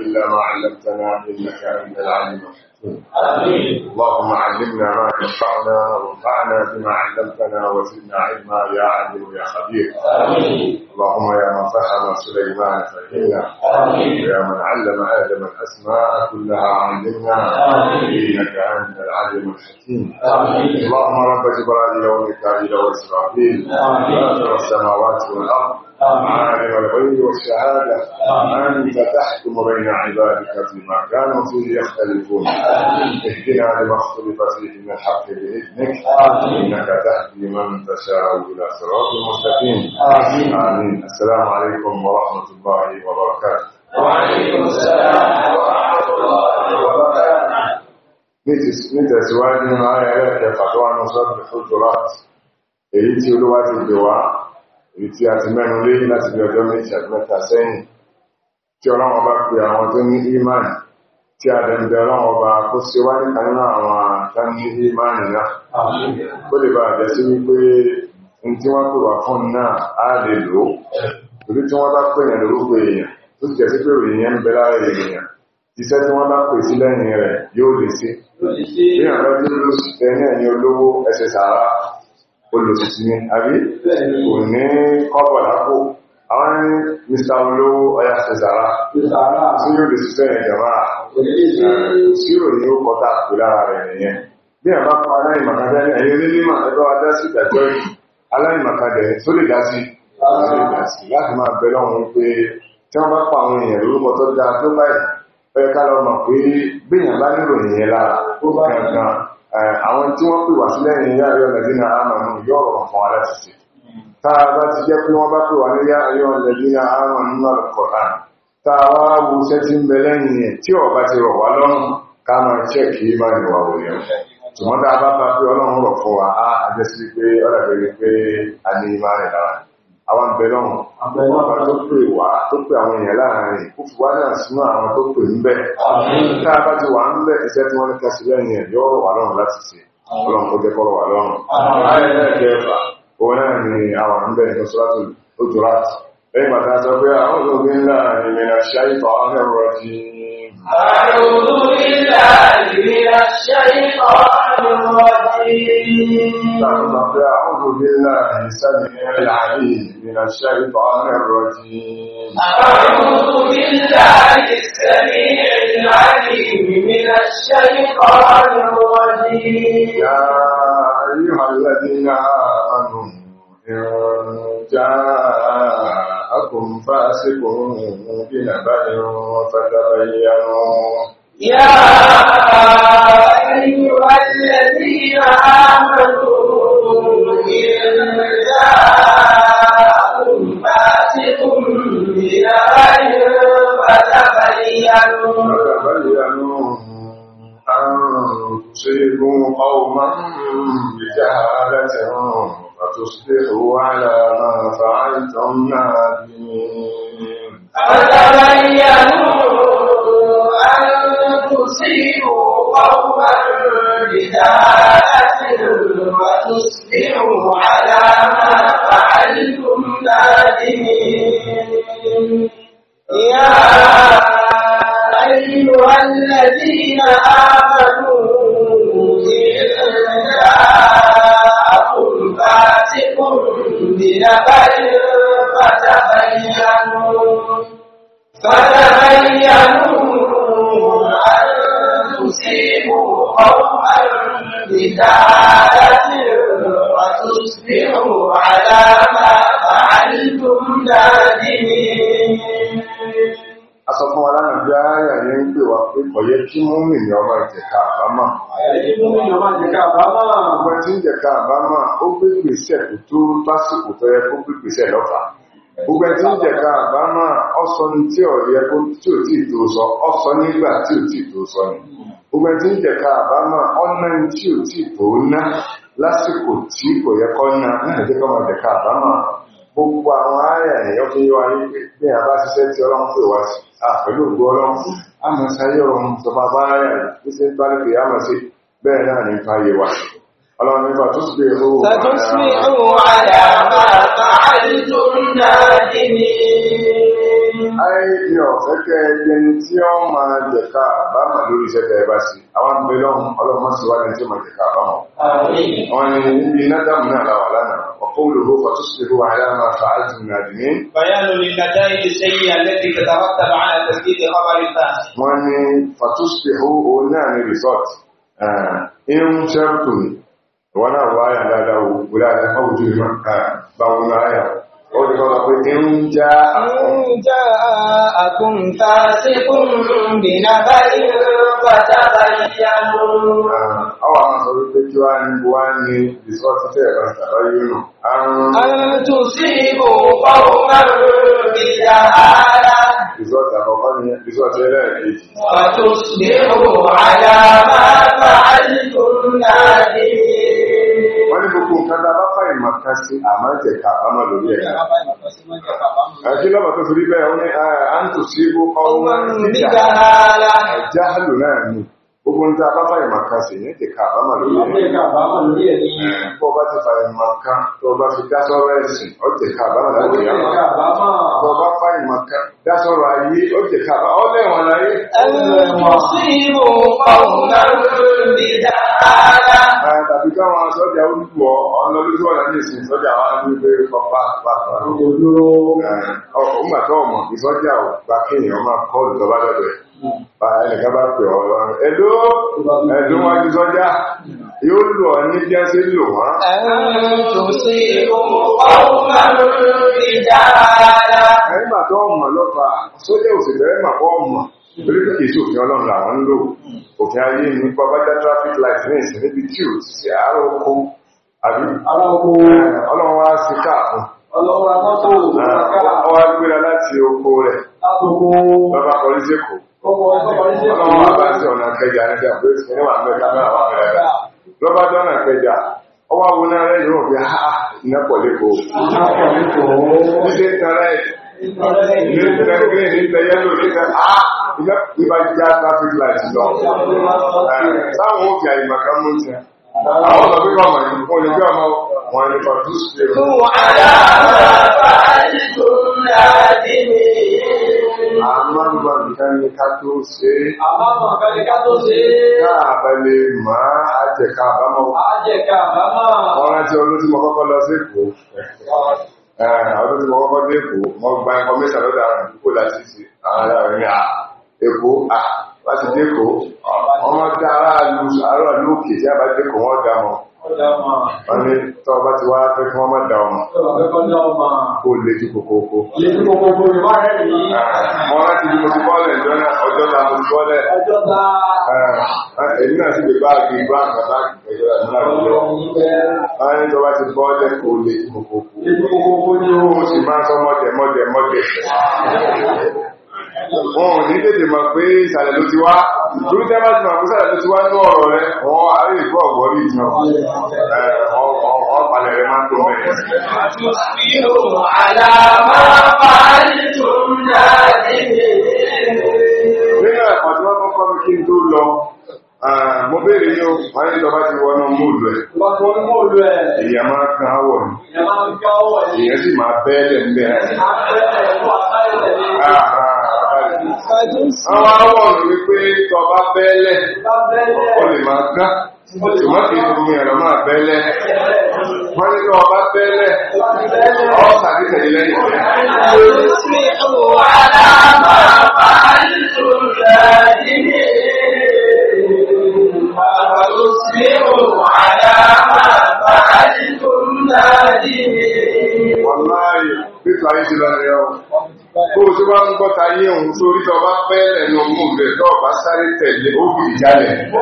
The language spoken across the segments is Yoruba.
إلا ما علمتنا إنك أنت العليم الحكيم اللهم علمنا ما ينفعنا وانفعنا بما علمتنا وزدنا علما يا عليم يا خبير آمين. اللهم يا من فهم سليمان فهمنا ويا من علم آدم الأسماء كلها علمنا إنك أنت العليم الحكيم آمين. اللهم رب جبرائيل وميكائيل وإسرائيل فاطر السماوات والأرض الأعمال والغيب والشهادة آمين تحكم بين عبادك فيما كانوا فيه يختلفون اهدنا لما اختلف فيه من الحق بإذنك إنك تهدي من تشاء إلى صراط مستقيم آمين السلام عليكم ورحمة الله وبركاته وعليكم السلام ورحمة الله وبركاته nítẹ̀síwájú nínú ayẹyẹ kẹfà tó wà ní sọ́ọ̀tì fújúrọ́t èyí tí olúwa ti gbé wá èyí tí a ti mẹ́nu lé láti bí ọjọ́ méjì àti mẹ́ta sẹ́yìn tí ọlọ́run ọba pe àwọn tó ní iman tí a dẹ̀ ń bẹ ọlọ́run ọba kó ṣe wá nípa nínú àwọn tó ní iman náà kó lè bá àjẹ́ sí wípé ní tí wọ́n pè wá fún náà á lè lò ó torí tí wọ́n bá pè yẹn lórúkọ èèyàn tó jẹ́ sí pé òyìn yẹn ń bẹ lára èèyàn iṣẹ́ tí wọ́n bá pè sí lẹ́yìn rẹ̀ yóò lè ṣe bí àwọn ọdún ló ṣe ní ẹ̀yìn olówó ẹsẹ̀ sàárà olùsìsì ni àbí kò ní kọ́bọ̀ lápò àwọn ní mr olówó ọya ṣẹ̀sára tí yóò lè ṣiṣẹ́ ìjọba tí yóò ní ó kọta àpò lára rẹ̀ nìyẹn bí ẹ̀ bá kọ́ aláìmọ̀kadẹ́ ní ẹ̀yẹ onímọ̀ ẹgbẹ́ wa dá sí ìdájọ́ yìí aláìmọ̀kadẹ́ tó lè dá sí láti máa bẹ lọ́hùn pé tí wọ́n bá pa àwọn èèyàn lórúkọ tó dáa tó báyìí ó yẹ ká lọ mọ̀ pé gbìyànjú bá nílò ìyẹn lára ó bá yàn gan àwọn tí wọ́n pè wá sí lẹ́yìn yá ayọ́ lẹ́dínà àmànù ọrụ rọ̀ fún a bá ti jẹ́ pé wọ́n bá pè wà ní yá ayọ́ lẹ́dínà náà taa wá wo iṣẹ́ ti ń lẹ́yìn yẹn tí ti rọ̀ wá lọ́rùn ká máa ṣẹ́ wà wò yẹn bá bá pé ọlọ́run rọ̀ fún wa á àjẹsí pé àwọn abẹ́lọ́run ọba tó pè wá tó pè àwọn èèyàn láàrin kó fi wá náà súnmọ́ àwọn tó pè ń bẹ̀. tá a bá ti wà ń bẹ̀ iṣẹ́ tí wọ́n ní kásì lẹ́yìn ẹ̀ yọ́ wà lọ́rùn láti ṣe ọlọ́run kó jẹ́ kọ́rọ̀ wà lọ́rùn. ayẹyẹ òun náà ni àwọn ń bẹ̀ ní sọ́tò ojúrat lẹ́yìn pàtàkì sọ pé àwọn أعوذ بالله من الشيطان الرجيم أعوذ بالله السميع العليم من الشيطان الرجيم أعوذ بالله السميع العليم من الشيطان الرجيم يا أيها الذين آمنوا إن جاء جاءكم فاسق بنبأ فتبينوا يا أيها الذين آمنوا إن جاءكم فاسق بنبأ فتبينوا فتبينوا أن تصيبوا قوما بجهالة فتصبحوا على ما فعلتم نادمين فتبينوا أن تصيبوا قوما بدعاءة وتصبحوا على ما فعلتم نادمين يا أيها الذين آمنوا إن فاتقون من بين فتبينوا فتبينوا أن تسيبوا قوما بدعاة وتصبحوا على ما فعلتم نادمين a sọ fún wa lánàá bí ayà yẹn ń pè wá pé kò yẹ kí múmi ní ọmọ ìjẹ̀ka àbámà. ọmọ tí ń jẹ̀ka àbámà ó gbé gbèsè kò tó lásìkò tó yẹ kó gbé gbèsè lọ́fà. gbogbo ẹni ń jẹ̀ka àbámà ọ̀sọ́ ni tí ò yẹ kó tí ò tí ì tó sọ ọ̀sọ́ nígbà tí ò tí ì tó sọ ni. gbogbo ẹni tí ń jẹ̀ka àbámà ọ̀nà tí ò tí ì tó ná lásìkò tí kò yẹ kọ́ ná nígbà tí kọ́ gbogbo àwọn ààrẹ ẹ̀yọ́ fi yọ ayé pé bí a bá tí ọlọ́run pè wá sí pẹ̀lú ògbó ọlọ́run a mọ̀ sáyé ọ̀run tó bá bá ráyà ní sí bá lè a mọ̀ sí bẹ́ẹ̀ náà ní fàyè wà ọlọ́run tó sì bèèrè e owó wà náà Ayé ni ọ̀fẹ́ kẹ́ ẹgbẹ́ ní tí ó máa jẹ̀ka àbámà lórí iṣẹ́ tẹ́ bá sí. Àwọn ti ó ní kọ́nà pé ní ń já àkùn. ń já àkùn ta sí kúndùn bìnnà báyìí bàtà báyìí yá mú. ọwọ́ àwọn sọ wípé kí wàá ní wàá ní ìsọ́tí tẹ̀ ẹ̀rọ ìsàlọ́yé nù. àrùn tún sí ibò fáwọn márùn-ún bìnnà ara. ìsọ́tí àkọ́kọ́ ni ìsọ́tí ẹlẹ́ẹ̀kejì. wàtò sí ibò àyàmá bá a ti kúndà wọ́n ní gbogbo nǹkan tá a bá fà ìmọ̀ kan sí àmọ́ ìjẹ̀ka àbámọ̀ lórí ẹ̀. ẹ̀kí lọ́mọ tó fi rí bẹ́ẹ̀ ó ní àǹtòsí gbogbo ọwọ́ nígbà jáàlù náà ni gbogbo ń ta bábá ìmọ̀ká sí ní ti ka àbámọ̀ lórí ẹ̀ ní bá ti fa ìmọ̀ká tó bá fi dásọ̀rọ̀ ẹ̀sìn ó ti ka àbámọ̀ láti yà máa bá fa ìmọ̀ká dásọ̀rọ̀ ayé ó ti ka àbámọ̀ ọlẹ́wọ̀n láyé. ẹlẹ́wọ̀n sí ìbò pàwọn lórí dáadáa. tàbí káwọn sọ́jà ó lù ọ́ lọ lójú ọ̀nà ní ìsìn sọ́jà wa ní pé ọ̀pá pàpà lójú ọ̀nà. ọ̀pọ̀ ẹnìkan bá pè ọ́ lọ́rùn ẹ̀dọ́ ẹ̀dùn wájú sọ́jà yóò lù ọ́ ní bí a ṣe lò wọ́n. ẹ̀rùn sí ohun ọ̀hún lórí ìdára. ẹ̀yìn mà tó ọmọ lọ́fàá sójà òṣèlú ẹ̀yìn mà kọ́ ọmọ torí pé kìí sòfin ọlọ́run làwọn ń lò òfin ayé ní traffic light ní ìsìn níbi tí ò sí àárọ̀ oko àbí ọlọ́run wá sí káàkùn ọlọ́run wá gbéra láti oko rẹ̀ bàbá kọrí sí èkó Ọmọ àbáṣe ọ̀nà kẹjà ní ìjà pé ìṣẹ́ni wà mẹ́ta mẹ́ta wà mẹ́ta. náà rẹ̀ ha a máa ń gbọ́ nǹkan ní ká tó ṣe é. a máa ń gbọ́ ká tó ṣe é. káàbà ọ̀rẹ́ tí olú tí kọ́kọ́ lọ sí èkó ọdún tí kọ́kọ́ dé èkó mo gba information lọ́dọ̀ àwọn àdúgbò láti ṣe àwọn aláàárín à èkó láti dé èkó ọmọ tí aráàlú àárọ̀ lókè tí a bá dé èkó wọ́n ga mọ́ wọ́n ní tọ́ ti wá fẹ́ kí wọ́n má dá ọmọ kó léjú kòkòkò. léjú kòkòkò ni wọ́n rẹ̀ ní. Ah, wọ́n láti bí mo ti bọ́ọ̀lẹ̀ ọjọ́ ta mo ti ọjọ́ ta. Ah, ah, èmi náà sì lè bá àgbè ìgbà àgbà bá ìgbẹ̀jọ́ àti wọ́n ní tọ́ bá ti bọ́ọ̀lẹ̀ kó léjú kòkòkò. léjú kòkòkò ni ó. sì máa sọ mọ́jẹ̀ wọn ò ní tètè mọ̀ pé ìsàlẹ̀ ló ti wá lórí tẹ́ bá ti mọ̀ pé ìsàlẹ̀ ló ti wá ní ọ̀rọ̀ rẹ wọn àárẹ̀ ìlú ọ̀gbọ́n ní ìtàn ọ̀pàlẹ̀ rẹ máa ń tó mẹ́rin. àtúnṣe àlàmà fàálì tó ń dá nínú ẹ̀kọ́ tí wọ́n kọ́kọ́ mi kí n tó lọ mo béèrè ní o wọ́n ní ìjọba ti wọnú móòlù ẹ̀. wọ́n móòlù ẹ̀. èèyàn máa kan áwọ̀ ni. èèyàn máa kan áwọ̀ ni. èèyàn sì máa bẹ́ẹ̀lẹ̀ ń bẹ́ẹ̀. èèyàn sì máa bẹ́ẹ̀lẹ̀ ń bẹ́ẹ̀. Àwọn awọ̀ mi wípé tọba bẹ́ẹ̀lẹ̀, ó lè máa ká, ṣùgbọ́n kìí fún mi ẹ̀rọ máa bẹ́ẹ̀lẹ̀. Wọ́n ní tọ́ ọba bẹ́ẹ̀lẹ̀, ọ lẹ́yìn. Wọ́n bí ti lọ rẹ̀ ọ́. bó o ti wá ń gbọ́ta yé òun sórí tó bá lẹ́nu mú tó bá sáré tẹ̀lé lè bá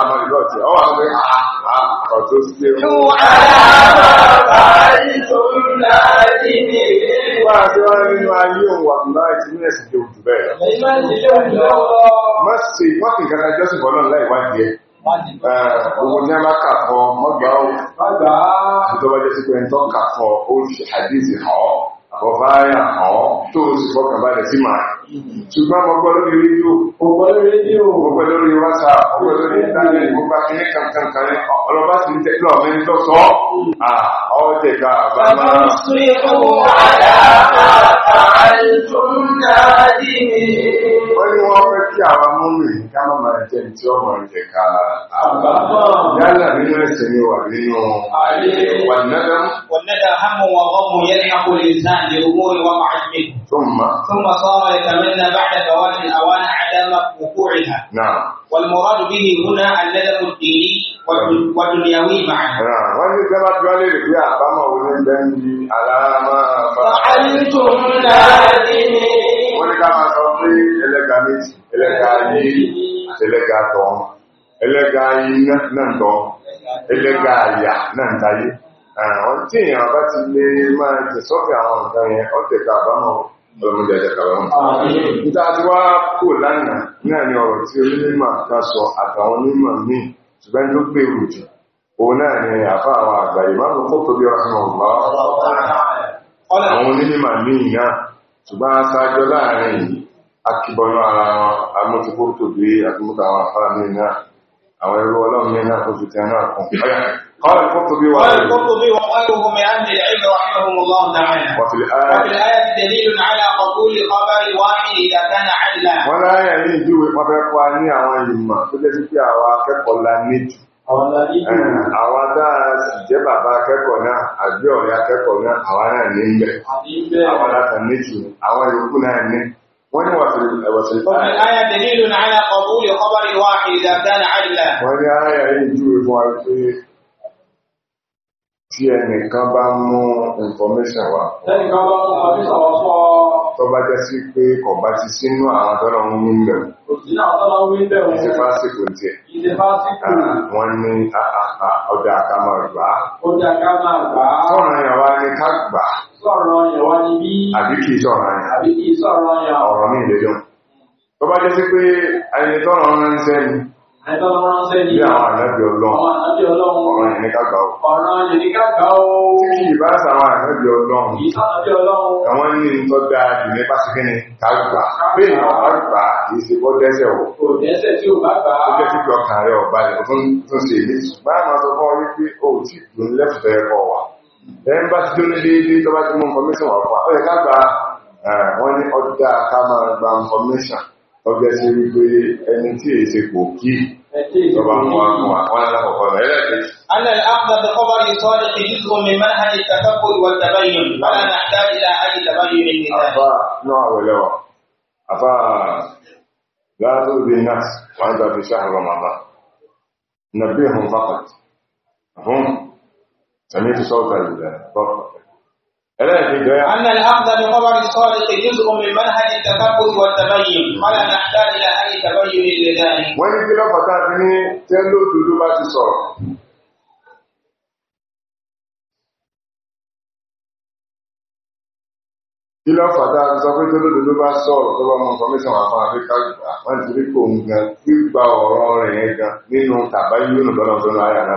a mọ ìlú ọ̀tí ọ wà pé àà ah, ah, ọ̀tún ti dé. yóò aláàbà ìtòlú wọ́n á ti wá nínú ayé òun wà nínú ní ẹ̀sìn tó bẹ́ẹ̀. má ṣe má bọ́lá ńlá ìwádìí ẹ̀. ní a kà mọ́gbà ó. pé ń tọ́ kà ọba ayà ọ̀ tó o sì fọkàn balẹ̀ sí màá. ṣùgbọ́n mo gbọ́ lórí rédíò mo gbọ́ lórí rédíò mo gbọ́ lórí whatsapp mo gbọ́ lórí internet mo gbà kí ní kankankan ní ọlọ́ba sì ń tẹ́ lọ́ọ̀ mm. ah, mi ń tọ́ sọ ọ́ tẹ̀ ká bá má. wọ́n ní wọ́n fẹ́ kí àwa mú mi ká má máa jẹ tí ọmọ rẹ̀ tẹ̀ ká. yálà nínú ẹsẹ̀ ni wà nínú. wà wà nínú. wà nínú. لأمور وقعت منه ثم ثم صار يتمنى بعد فوات الأوان عدم وقوعها نعم والمراد به هنا الندم الديني والدنيوي معا نعم وأنت كما تقول لي يا أبا ولدني على ما فعلتم نادمين ولك ما صلي إليك ميسي إليك عيني إليك أتوم إليك عيني نندو إليك عيا àwọn tí èèyàn bá ti lè máa jẹ sọ́kẹ̀ àwọn nǹkan yẹn a tẹ̀ka àbámọ̀ ọlọ́mọdé níta tí kò lánàá náà ni ọ̀rọ̀ tí onímọ̀ kan sọ àtàwọn onímọ̀ míì ṣùgbọ́n gbé òun náà ni àfa àwọn àgbà kó tóbi ọ̀sán àwọn onímọ̀ míì náà ṣùgbọ́n aṣáájọ láàrin yìí akíbọnú ara wọn tóbi àwọn àfa قال القرطبي وقال القرطبي وغيره من اهل العلم رحمهم الله تعالى وفي الايه وفي الايه دليل على قبول خبر واحد اذا كان عدلا ولا يعني جو وفقوا اني اوان يما تجي في اوا كقول لا نيت àwa tá a jẹ́ bàbá akẹ́kọ̀ọ́ náà àbí ọ̀rẹ́ akẹ́kọ̀ọ́ náà àwa náà ní ń bẹ̀ àwọn láta méjì àwọn yòókù náà ní wọ́n ní wàsílẹ̀ fún mi. àyà dẹ̀lílù náà àyà kọ̀ọ̀bù lè kọ́bárì wá ìdàgbà náà àdìlà. wọ́n ní àyà yìí júwe fún wa pé tí ẹnìkan bá mú information wá tó bá jẹ́ sí pé kò bá ti sínú àwọn tọ́lọ ń wí lẹ̀ ìṣe fásitì tí ẹ̀ ah, wọ́n ní ah, ah, ọjà àkàmà gbà á sọ̀rọ̀ yẹn wá ní ká gbà á àbí kì í sọ̀rọ̀ yẹn ọ̀rọ̀ mi ìlẹ́jọ́ tó bá jẹ́ sí pé ẹni tọ́lọ ń ránṣẹ́ ni ẹgbẹ́ wọn ránṣẹ́ ní àwọn ànábì ọlọ́run ọ̀rọ̀ yẹn ní kágbà ó. ọ̀rọ̀ yẹn ní kágbà ó. tí kì bá sàwọn ànábì ọlọ́run. kì í sànábì ọlọ́run. àwọn ní nítọ́ dáa jù ní pàṣípínì kágbà. bẹ́ẹ̀ ni ọ̀rọ̀ gbà kì í ṣe bọ́ dẹ́sẹ̀ o. kò dẹ́sẹ̀ tí o bá gbà. ó jẹ́ kíkọ́ kan rẹ̀ ọ̀bá rẹ̀ tó ń ṣe èmi. bá a máa sọ fún ọ wípé o ò tí ì lẹ́fùtẹ́ ẹ̀kọ́ wa. ẹ̀ ń bá ti dún ní déédéé tó bá ti mú information wà fún wa. ó yẹ ká gba wọ́n ní ọdún dáa ká máa gba information. ọjọ́ sí wípé ẹni tí è ṣe kò kí ọba mú àwọn àwọn alákọ̀ọ́kọ́ rẹ̀ الأخذ بخبر صادق جزء من منهج التفكر والتبين ولا نحتاج إلى أي تبين أفا لا تؤذي الناس وأنت في شهر رمضان نبههم فقط هم سمعت صوت الضرب أن الأخذ بخبر الصادق جزء من منهج التثبت والتبين ولا نحتاج إلى أي تبين لذلك. wọ́n kí ló sọ pé bá sọ̀rọ̀ tó bá mọ wà fún gbà wọ́n ti rí kò ń gan gbígba ọ̀rọ̀ rẹ̀ yẹn gan nínú tàbá yóò tó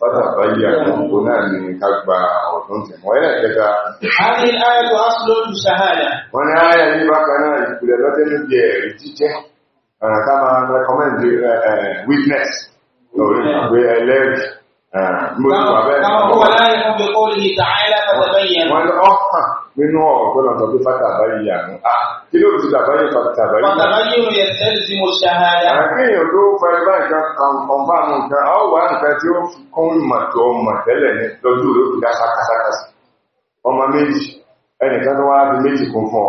فتبين هنا من كبا أو تنتم وإلى كذا هذه الآية أصل شهادة وانا آية لي بقنا يقول لا تنبي رتيجة أنا كما recommend witness لوري كما هو لا يقول بقوله تعالى فتبين والأخر nínú ọ̀gbọ́nà tó bí fátàbáyé yànú. Kí ló ti tàbáyé fátàbáyé? Fátàbáyé ò yẹ sẹ́lì tí mo ṣàhádà. Àkíyàn tó fẹ́rẹ́ bá nǹkan kan bá mú nǹkan, a ó wá nǹkan tí ó kún ìmọ̀tọ̀ ọmọ tẹ́lẹ̀ ní lọ́jú rẹ̀ ó dá sákàsákàsì. Ọmọ méjì, ẹnìkan tó wá méjì kún fún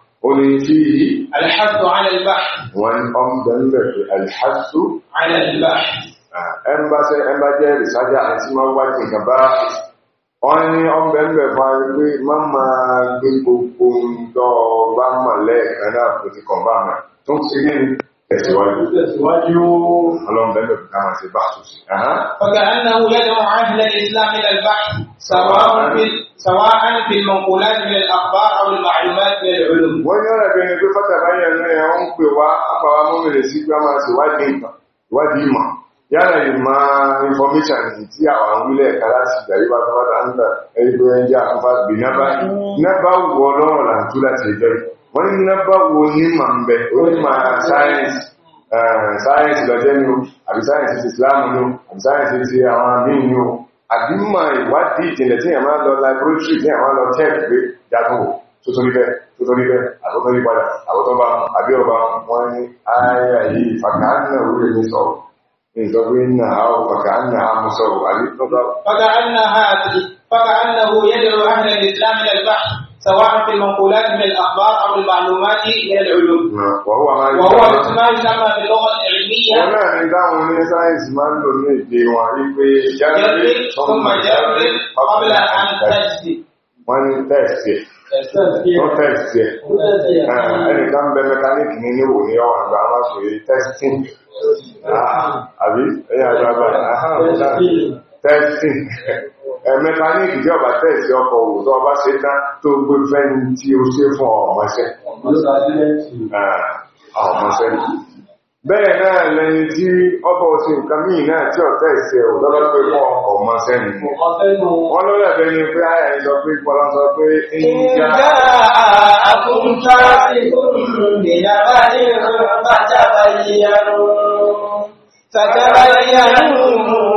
ونتي الحث على البحث وان امدن الحث على البحث ان با سي ان با جي رساجا انتي ما وا تي كبا wọ́n ní ọmọbẹ̀ ń bẹ̀ fún ayé pé má máa gbé gbogbo ń dọ́ bá mọ̀ lẹ́ẹ̀kan náà kò ti kàn bá mọ̀ tó ń ṣe ní tẹ̀síwájú tẹ̀síwájú ọlọ́run bẹ́ẹ̀ lọ́dún káwọn ṣe bá sùn sí. ọ̀gá annahu yẹ́dọ̀ ahìlẹ̀ islam ilẹ̀ báyìí sàwọn fil maqbulat minal akhbar aw al ma'lumat minal ulum. wọ́n yọ ọ̀rẹ́ bẹ̀rẹ̀ pé fọ́tàbáyà náà yà ń pè wá àpàwà mọ́mìnrin sí pé a máa ṣèwádìí ìmọ̀ yálà ìmọ̀ information yìí tí àwọn àwílẹ̀ ẹ̀ka láti ìgbà yíwá tó bá ta ń tà ẹgbẹ́ ẹ̀yà àfáà bì náà báyìí náà bá wù ọlọ́run làǹtú láti ìjọ yìí wọ́n ní nọ́mbà wo ní mà ń bẹ onímọ̀ sáyẹ́nsì eh, sáyẹ́nsì lọ́jẹ́ ni o àbí sáyẹ́nsì ti Islam ni o àbí sáyẹ́nsì ti àwọn míì ni o àbí mọ̀ ìwádìí ìjìnlẹ̀ tí èèyàn máa lọ laboratory tí èèyàn máa lọ tech pé yàtọ̀ wò tuntun níbẹ̀ tuntun níbẹ̀ sọ̀rọ̀ nítorí náà àwọn fàkàánà àmú sọ̀rọ̀ àbí tọ́ba. fàkàánà ha àti fàkàánà سواء في المنقولات من الاخبار او المعلومات من العلوم. وهو ما وهو ما يسمى باللغه العلميه. هنا عندهم من ساينس مان لونيتي وعلمي ثم جرب قبل ان تجزي. من تجزي. tó tẹ̀sì ẹ̀ ẹnìkan bẹ mẹkaníkì ní níwò ní ọwọ́ àgbà máa sọ yìí tẹ́sì àbí ẹ̀yà àgbà tẹ́sì mẹkaníìkì tí ọba tẹ̀sí ọkọ̀ òwò ọba ṣe tán tó gbé fẹ́ni tí ó ṣe fún ọmọṣẹ́ ah, ọmọṣẹ́ bẹ́ẹ̀ náà lẹ́yìn tí ọba òsìn nǹkan míì náà tí ọ̀tẹ́ ìṣẹ́ ò ọmọṣẹ́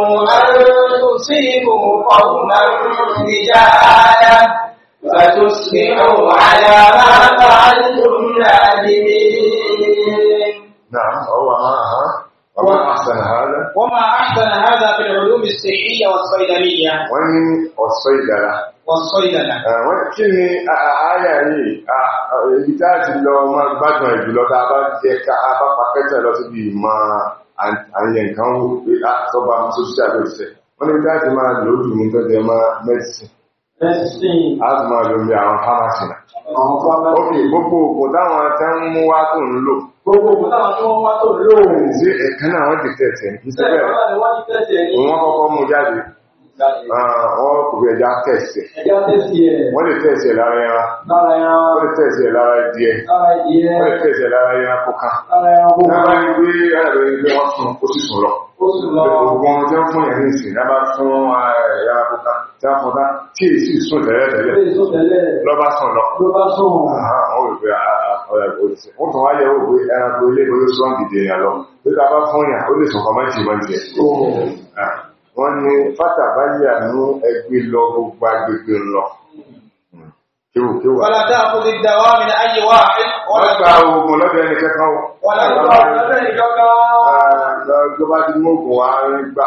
أن تصيبوا قوما بجهالة فتصبحوا على ما فعلتم نادمين. نعم هو معها وما أحسن هذا وما أحسن هذا في العلوم الصحية والصيدلية ومن والصيدلة والصيدلة wọ́n kí ni àáyà yìí èyí tá a ti lọ máa gbádùn ìjùlọ tá a bá jẹ ká a bá pàkẹ́tẹ̀ lọ síbi ìmọ̀ àyẹ̀ nǹkan wò pé àtọ́ba tó ṣe àbẹ̀fẹ́ wọ́n ní láti máa lò ó dùn ní tọ́jẹ́ máa mẹ́sìn láti máa lò ní àwọn pharmacy náà. ok gbogbo òkò táwọn tẹ́ ń mú wá tó ń lò. gbogbo òkò táwọn tó ń wá tó ń lò. ṣé ẹ̀ka náà wọ́n ti tẹ̀sẹ̀ ní. ṣé ẹ̀ka náà wọ́n ti tẹ̀sẹ̀ ní. òun wọ́n kọ́kọ́ mú jáde. Ah, wọ́n kò fi ẹja tẹ̀sẹ̀ wọ́n lè tẹ̀sẹ̀ lára ẹran wọ́n lè tẹ̀sẹ̀ lára díẹ̀ wọ́n lè tẹ̀sẹ̀ lára ẹran kọ̀ọ̀kan náà wọ́n gbé ẹ̀rọ ilé wọn fún ó sì sùn lọ gbogbo ohun tí wọ́n fún yẹn ní ìsìn náà bá fún ah, ẹ̀yà tí wọ́n fún ká tí èsì sùn tẹ́lẹ̀tẹ́lẹ̀ lọ́ba lọ wọ́n tún wáyé lọ bá fún wọ́n ní fátàbáyà ní ẹgbẹ́ lọ gbogbo agbègbè lọ. Wọ́n dá àkóso ìdáwà mi ní ayé wá. Wọ́n gba oògùn lọ́dọ̀ ẹni kẹ́kọ̀ọ́. Wọ́n dá oògùn lọ́dọ̀ ẹni kẹ́kọ̀ọ́. Lọ́jọ́ bá ti mú oògùn wá rí gbà.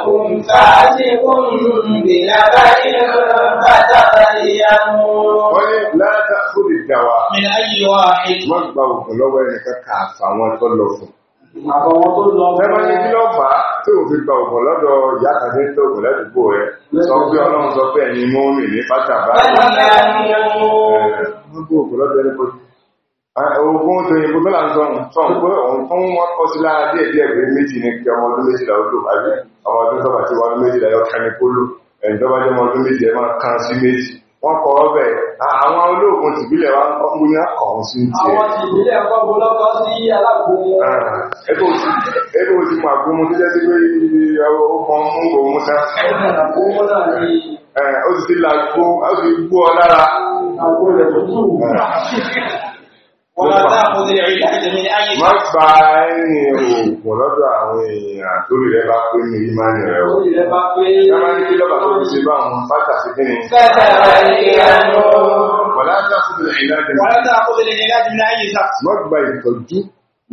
فاسق بنبأ فتبينوا لا تأخذ الدواء من أي واحد مقبل قلوب إنك كافة وتلفوا Àwọn tó lọ bẹ́ẹ̀. Ẹgbẹ́ ní kí ló fà á tí ò gba ògùn lọ́dọ̀ ìyá kan tó ògùn ládùúgbò rẹ̀. Sọ pé Ọlọ́run sọ pé ẹ̀yin mú mi ní pátá báyìí. Bẹ́ẹ̀ ni a ní ẹ̀mú. Gbogbo ògùn lọ́dọ̀ ẹni kọjú. Ah, ogun tó yìnbó mẹ́lá ń sọ̀rọ̀ sọ̀rọ̀ pé òun fún wọn kọ́ sí lára díẹ̀ díẹ̀ pé méjì ní kí ọmọ ọdún méjìlá ó lò àbí ọmọ ọdún tọ́ba tí wọ́n méjìlá yọ kẹ́ni kó lò ẹ̀yìn tọ́ba jẹ́ ọmọ ọdún méjì ẹ máa kan sí méjì wọ́n kọ́ ọbẹ̀ ah, àwọn olóògùn tìbílẹ̀ wa ń kọ́ fún yá sí ti ẹ̀. àwọn tìbílẹ̀ kọ́ bu lọ́kọ́ sí alágbóhun. Má gba ẹni oògùn lọ́dọ̀ àwọn èèyàn tó rí rẹ pé ní ìmáni rẹ̀ o. Yára ní kí lọ́bà tó fi ṣe bá àwọn bátà sí kí ni. Wọ́n látà fún ìrìnàjò. Wọ́n látà fún ìrìnàjò. Má gba ìtọ́jú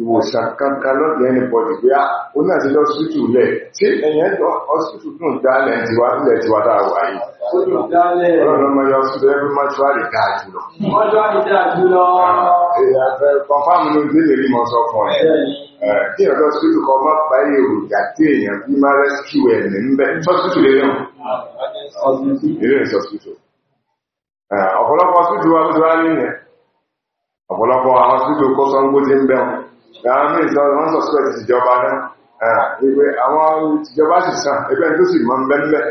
ìwòsàn kankan lọ́dọ̀ ẹni bọ̀dì pé á ah, ó náà ti lọ síútù lẹ̀ tí ẹ̀yẹn lọ ọ́sítù tún dálẹ̀ tiwa nílẹ̀ tiwa dáa wà ah, yìí. ọlọ́run ọmọ yọ sí ẹgbẹ́ mọ́ṣúárì dáa jùlọ. mọ́ṣúárì dáa jùlọ. kọ̀ǹfàmù ló dé lè rí mọ́ sọ fún ẹ. Eh, kí ọ̀dọ́ síútù kan má bá èròjà tí èèyàn bí má rẹ́síkìú ẹ̀ ní ń bẹ̀ sọ́sítù lè rìn. ilé ìsọ̀sítù. Eh, ọ̀pọ̀lọpọ̀ síútù wa ló ti wá ní na míì sọ wọ́n sọ sílẹ̀ tìjọba náà wípé àwọn tìjọba sì sàn ẹgbẹ́ tó sì mọ́ mbẹ́mbẹ́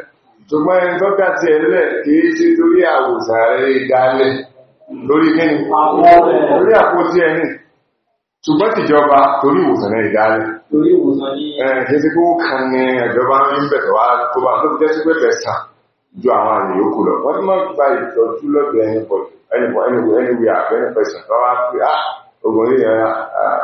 ṣùgbọ́n ẹni tó dá tiẹ̀ lẹ̀ kìí ṣe torí àwòsàn rẹ̀ dálẹ̀ lórí kíni lórí àpótí ẹni ṣùgbọ́n tìjọba torí ìwòsàn rẹ̀ dálẹ̀ kìí ṣe kó kàn ní ẹ̀jọba ju àwọn àyè yòókù lọ wọ́n ti máa gba ìtọ́jú ẹni ẹni ẹni ẹni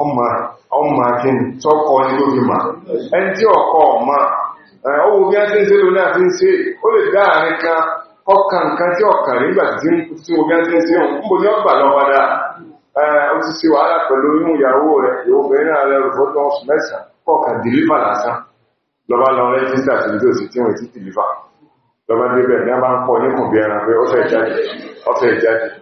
ọmọ akin tọ́kọ ní ló fi ma ẹni tí ọkọ ọmọ owó bí a ti ń ṣe lórí àti ń ṣe ó lè dá àárín kan kọ́ka nǹkan tí nígbà tí ó bí a ti ń ṣe ń bò ọgbà lọ́wọ́ dáa ó ti ṣe wàhálà pẹ̀lú inú ìyàwó rẹ̀ yóò a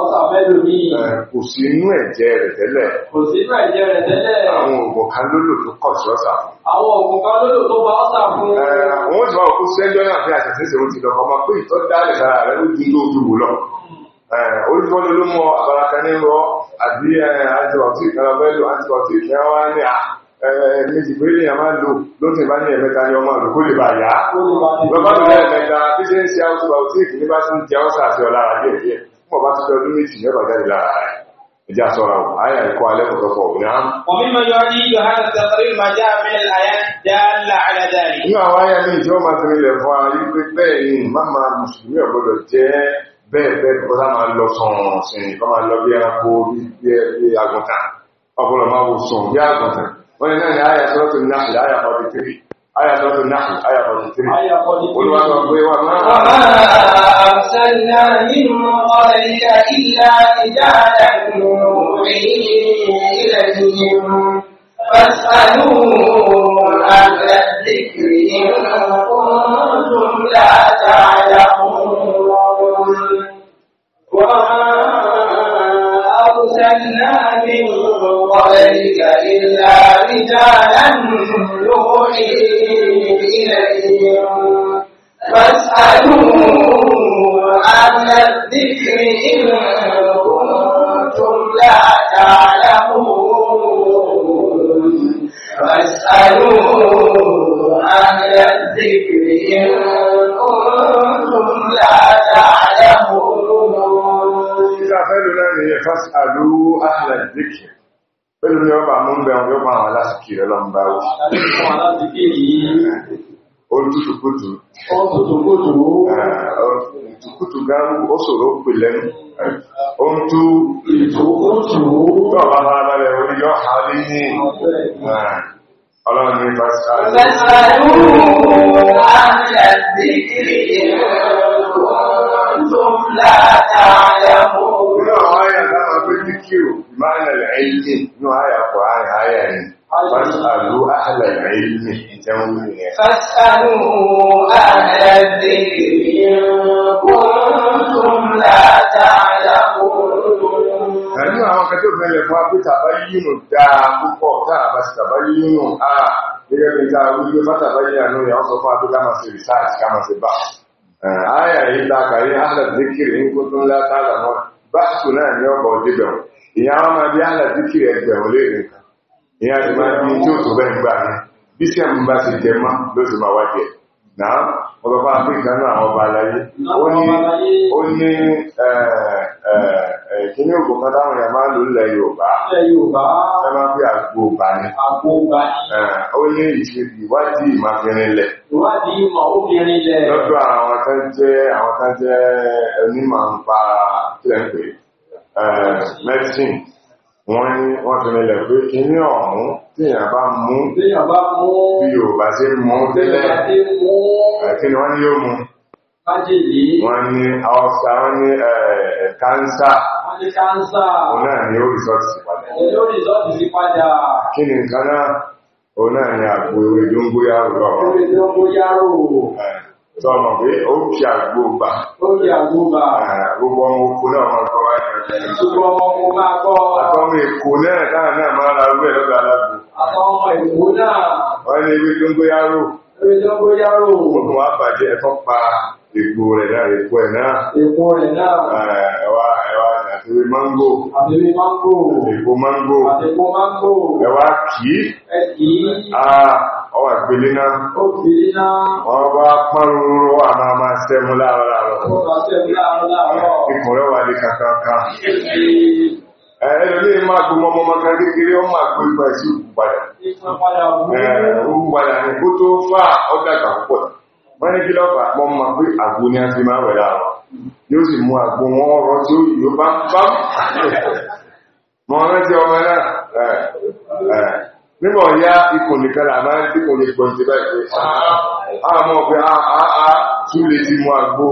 ọ̀sà fẹ́lú ní. kò sí inú ẹ̀jẹ̀ rẹ̀ tẹ́lẹ̀. kò sí inú ẹ̀jẹ̀ rẹ̀ tẹ́lẹ̀. àwọn oògùn kan lólò tó kọ̀ sí ọ̀sà fún. àwọn oògùn kan lólò tó bá ọ̀sà fún. àwọn oṣù àwọn kó sẹ́jọ́ náà fi àṣẹ ṣẹṣẹ ó ti lọ ọmọ pé ìtọ́ dálẹ̀ sára rẹ̀ ó di inú ojú wò lọ. olùkọ́ ló ló mọ àbáraká ní lọ àbí antibiotic kan fẹ́lú antibiotic kan wá à pọ̀ bá ti fẹ́ ọdún méjì mẹ́fà jáde lára rẹ̀ ẹjá sọ́ra ọ̀ ayà ẹ̀kọ́ alẹ́ kọ̀ọ̀kan pọ̀ ní àmì. ومما يعيد هذا التقرير ما جاء من الآيات الدالة على ذلك. inú àwọn ayà mi tí wọ́n máa fi ilẹ̀ fún ayé pé bẹ́ẹ̀ ni màmá mùsùlùmí ọ̀gbọ́dọ̀ jẹ́ bẹ́ẹ̀ bẹ́ẹ̀ kó sá máa lọ sọ̀rọ̀ sí i kó máa lọ bí ẹranko bí àgùntàn ọ̀pọ̀lọpọ̀ máa wò sùn bí àgùntàn wọ́n ní náà ní ayà sọ́tún náà láyà 43 آية سورة النحل آية 43 قل وما أرسلنا من قبلك إلا رجالا نوحي إليهم فاسألوا أهل الذكر إن كنتم لا تعلمون وما أرسلنا من قبلك إلا رجالا نوحي إليهم فاسألوا عن الذكر إن كنتم لا تعلمون فاسألوا عن الذكر إن كنتم لا تعلمون فاسألوا أهل الذكر pẹ̀lú ní ọba mú bẹ̀rún yóò pa àwọn alásìkí rẹ̀ lọ ń bá wù. olùtùtùkùtù olùtùtùkùtù gáwù ó sòrò pè lẹ́nu ohun tó ìtùkùtù tó ọba bá balẹ̀ orí yọ ha lé ní ọlọ́run ní pásítọ̀. كنتم لا تعلمون نهاية أبدك بمعنى العلم نهاية قرآن هاي فاسألوا أهل العلم فاسألوا أهل الذكر إن كنتم لا تعلمون Ẹni àwọn akẹ́kọ̀ọ́ mẹ́lẹ̀ Na apíta bá yínú dáa púpọ̀ táà bá sì tàbá yínú àà gẹ́gẹ́ bí dáa wípé bá tàbá yínú aya yìí ta kàrí ala ń kó tó ńlá tààlà na ni náà ní ọkọ̀ òdìbẹ̀wò ìyá wọn máa bí alàdíkìrì ẹgbẹ̀rún léèrè kan ìyá ti máa bí tí ó tó bẹ́ẹ̀ gbà ní bí sí ẹ̀mú bá ti jẹ ọba kí ní ògùn táwọn èèyàn máa ń lò ńlẹ̀ Yorùbá ṣe máa fi àgbo bà ní. ó ní ìwádìí ìmọ̀fìnrin lẹ̀. ìwádìí ìmọ̀ obìnrin lọ́dọ̀ àwọn tó jẹ́ àwọn tó jẹ́ onímọ̀ ń pa kílẹ̀ ń wọ́n ní wọ́n fi nílẹ̀ pé kí ní ọ̀run tí èèyàn bá mú bí Yorùbá ṣe mú délẹ̀ kí wọ́n ní yóò mú. wọ́n ní ọ̀sán ní kánsá ní Òun náà ni ó rìsọ́ọ̀tì padà. Kí ni nǹkan náà? Òun náà ni àgbo ewé dóngóyárò lọ́wọ́. Ewé dóngóyárò. Tọ́mọ̀ pé ó fi àgbo gbà. Ó fi àgbo gbà. Gbogbo ọmọ oko náà máa kọ́ wáyé. Gbogbo ọmọ oko máa kọ́. Àtọ́mọ èkó náà táà náà máa ra ewé lọ́dọ̀ alágbó. Àtọ́mọ èkó náà. Wọ́n ní ewé dóngóyárò. Ewé dóngóyárò. Gbogbo wa bàjẹ́ ẹ̀fọ́ pa ègbò rẹ̀ náà, èkó ẹ̀ náà. Èkó rẹ̀ náà àtẹ̀lé mángò àtẹ̀lé mángò èpo mángò àtẹ̀kó mángò ẹwà kì í ẹ̀kì í ọwà gbélé náà ó gbélé náà wọ́n bá pọ́nrúurú wà máa máa sẹ́mu láàárọ̀ láàárọ̀ ikùn rẹ̀ wà lè kàkàkà ẹ̀ẹ́dẹ̀ lè máa gbọmọ ọmọ kan kékeré ọ máa gbé ipa sí òkú padà òkú padà ní kó tó fà ọ́dàgbà púpọ̀ wọ́n ní kí lọ́pàá pọ́n máa pé àgbo ni a ti máa wẹ̀ láàárọ̀ yóò sì mú àgbo wọn ọ̀rọ̀ tí ó yóò bá bá mọ rántí ọmọ náà nígbà ọ̀yá ikùn nìkan là máa ń tí kò lè báyìí a ah, ah, ah, mọ̀ pé a a a tún ti mú àgbo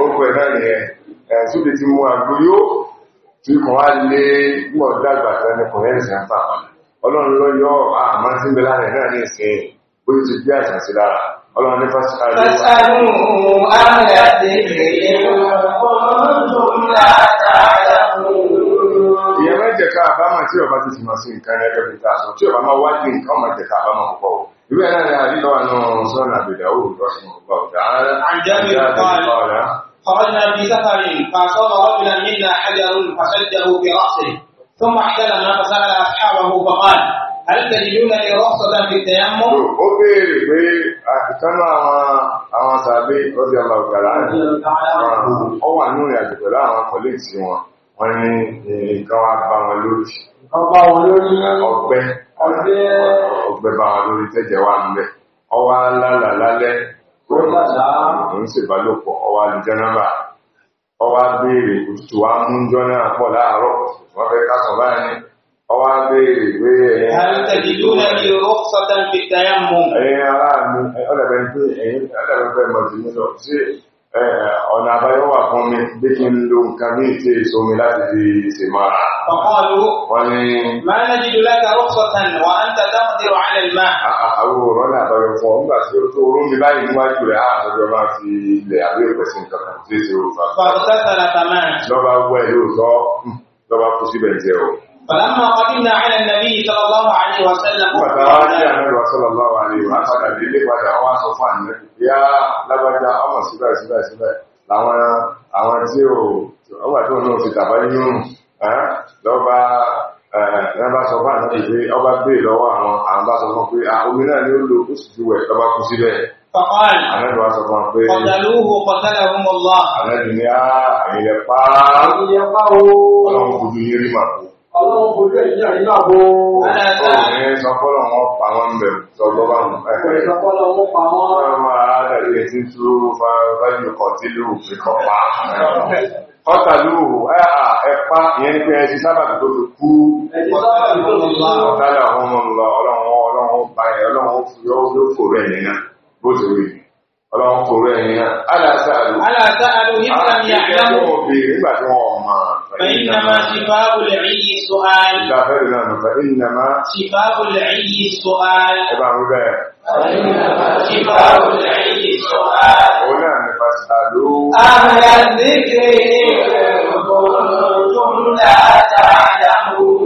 ó pẹ̀ náà nìyẹn tún lè ti mú àgbo yóò tí kò wá lé gbọ́ dàgbà tán ní kò rẹ́rìn sẹ́ńpà ọlọ́run lọ́yọ́ àmọ́ sí mi náà ní ìsìn bóyá ti bí àṣà sí lára ọlọ́run ní fásitì ìyẹn mẹ́jẹ̀ká àbámọ̀ tí ọba ti tìmọ̀ sí nǹkan ẹgbẹ́ bí ta sọ tí ọba máa wá ní nǹkan mẹ́jẹ̀ká àbámọ̀ púpọ̀ ìwé náà ni àríkọ́wà náà sọ́nà àbèdà ó rọ́ṣùn ọgbà ọ̀dà ààrẹ خرجنا في alẹ́tẹ̀lélúna ni rọ́ọ̀sọ̀dá fi tẹ̀ ẹ́ mọ́. ó béèrè pé àtìkánná àwọn àwọn tàbí lọ́dí ọmọ òkàrà ó wà nínú ìrìnàjò pẹ̀lú àwọn kọ́lẹ́ẹ̀tì wọn wọ́n ní nǹkan wá bá wọn lórí. ọba wọn lórí ọgbẹ́ ọgbẹ́ bá wọn lórí tẹ́jẹ̀ wà níbẹ̀ ọwọ́ alálà lálẹ́ òun ṣèbálòpọ̀ ọwọ́ alùjẹ́nàbà ọwọ́ abéèrè òtútù wa mú jọ náà pọ̀ láàárọ̀ wọ́n fẹ́ ká sọ báyìí ọwọ́ abéèrè pé ẹ̀yin. àtẹ̀jì lónà ni ó sọ́tà ń fi tẹ́yà mú. ẹ̀yin aráàlú ọ̀dàbẹ̀ ń pè ẹ̀yin ọ̀dàbẹ̀ fẹ́ mọ̀ sí mi lọ sí ọ̀nà àbáyọ wà fún mi bí kí n lo nǹkan bí ìtì èso mi láti fi ṣe máa. ọ̀kan ló. wọ́n ní. máa ń jí dùlákà ó sọ̀tà ní wà á ń tàdá ọ̀dẹ wà á lè má. àwọn òrọ̀ náà àbáyọ fún ọ nígbà tí ó tó oró mi báyìí níwájú rẹ̀ àtọ́jọ́ máa fi ilẹ̀ àbí ìpẹ̀sìn kankan tí ó ti rò fà. fàtúntà sàlàtà máa. lọ́ba wẹ̀ yóò tọ́ lọ́ba kú síbẹ̀ ń tẹ o. فلما قدمنا على النبي صلى الله عليه وسلم وقال يا النبي صلى الله عليه وسلم لي padà wá sọ fún Ànábì ya labaja ọmọ síbẹ̀ síbẹ̀ síbẹ̀ làwọn àwọn tí ó ọgbà tó náà ti tàbá nínú lọ́ba lọ́ba sọ fún Ànábì pé ọba gbé lọ́wọ́ àwọn àwọn bá sọ fún pé ah, omi náà ni ó lo ó sì ti wẹ̀ lọ́ba kú síbẹ̀ Fọ́kọ́lì. Àlẹ́dùn wá sọ fún pé. Ọ̀dàlúhù kọ̀tẹ́lẹ̀ fún ọlọ́. Àlẹ́dùn ni a àyẹ̀pá. Àyẹ̀pá o. Ọlọ́run kò dún yérí màkú ọlọ́run kò lè yíyàn nínú àbò. ọ̀rẹ́ sọpọ́lọ̀ wọn pa wọn bẹ̀ lọ́gbọ́n bá wọn. ọ̀rẹ́ sọpọ́lọ̀ wọn pa wọn. ọ̀rẹ́ máa dàgbé tí tú fáyọ̀ kọ̀ tí lù fi kọ̀ pa. ọ̀tà lù ẹ pa ìyẹn ni pé ẹ ti sábà tó ti kú. ọ̀tá làwọn ọmọ ọlọ́run ọlọ́run bá ẹ ọlọ́run ó fi ọ́ ló fò rẹ̀ nínú bó ti rí i ọlọ́run kò rẹ̀ ẹ̀yìn náà aláàtàlù aláàtàlù nígbà ní àdámù òbèrè nígbà tí wọ́n mọ̀ fẹ̀yìnàmá sífàbùlẹ̀ ẹ̀yí sọ́àlì ìdáfẹ́rẹ̀ náà fẹ̀yìnàmá sífàbùlẹ̀ tó ń dá àtàlù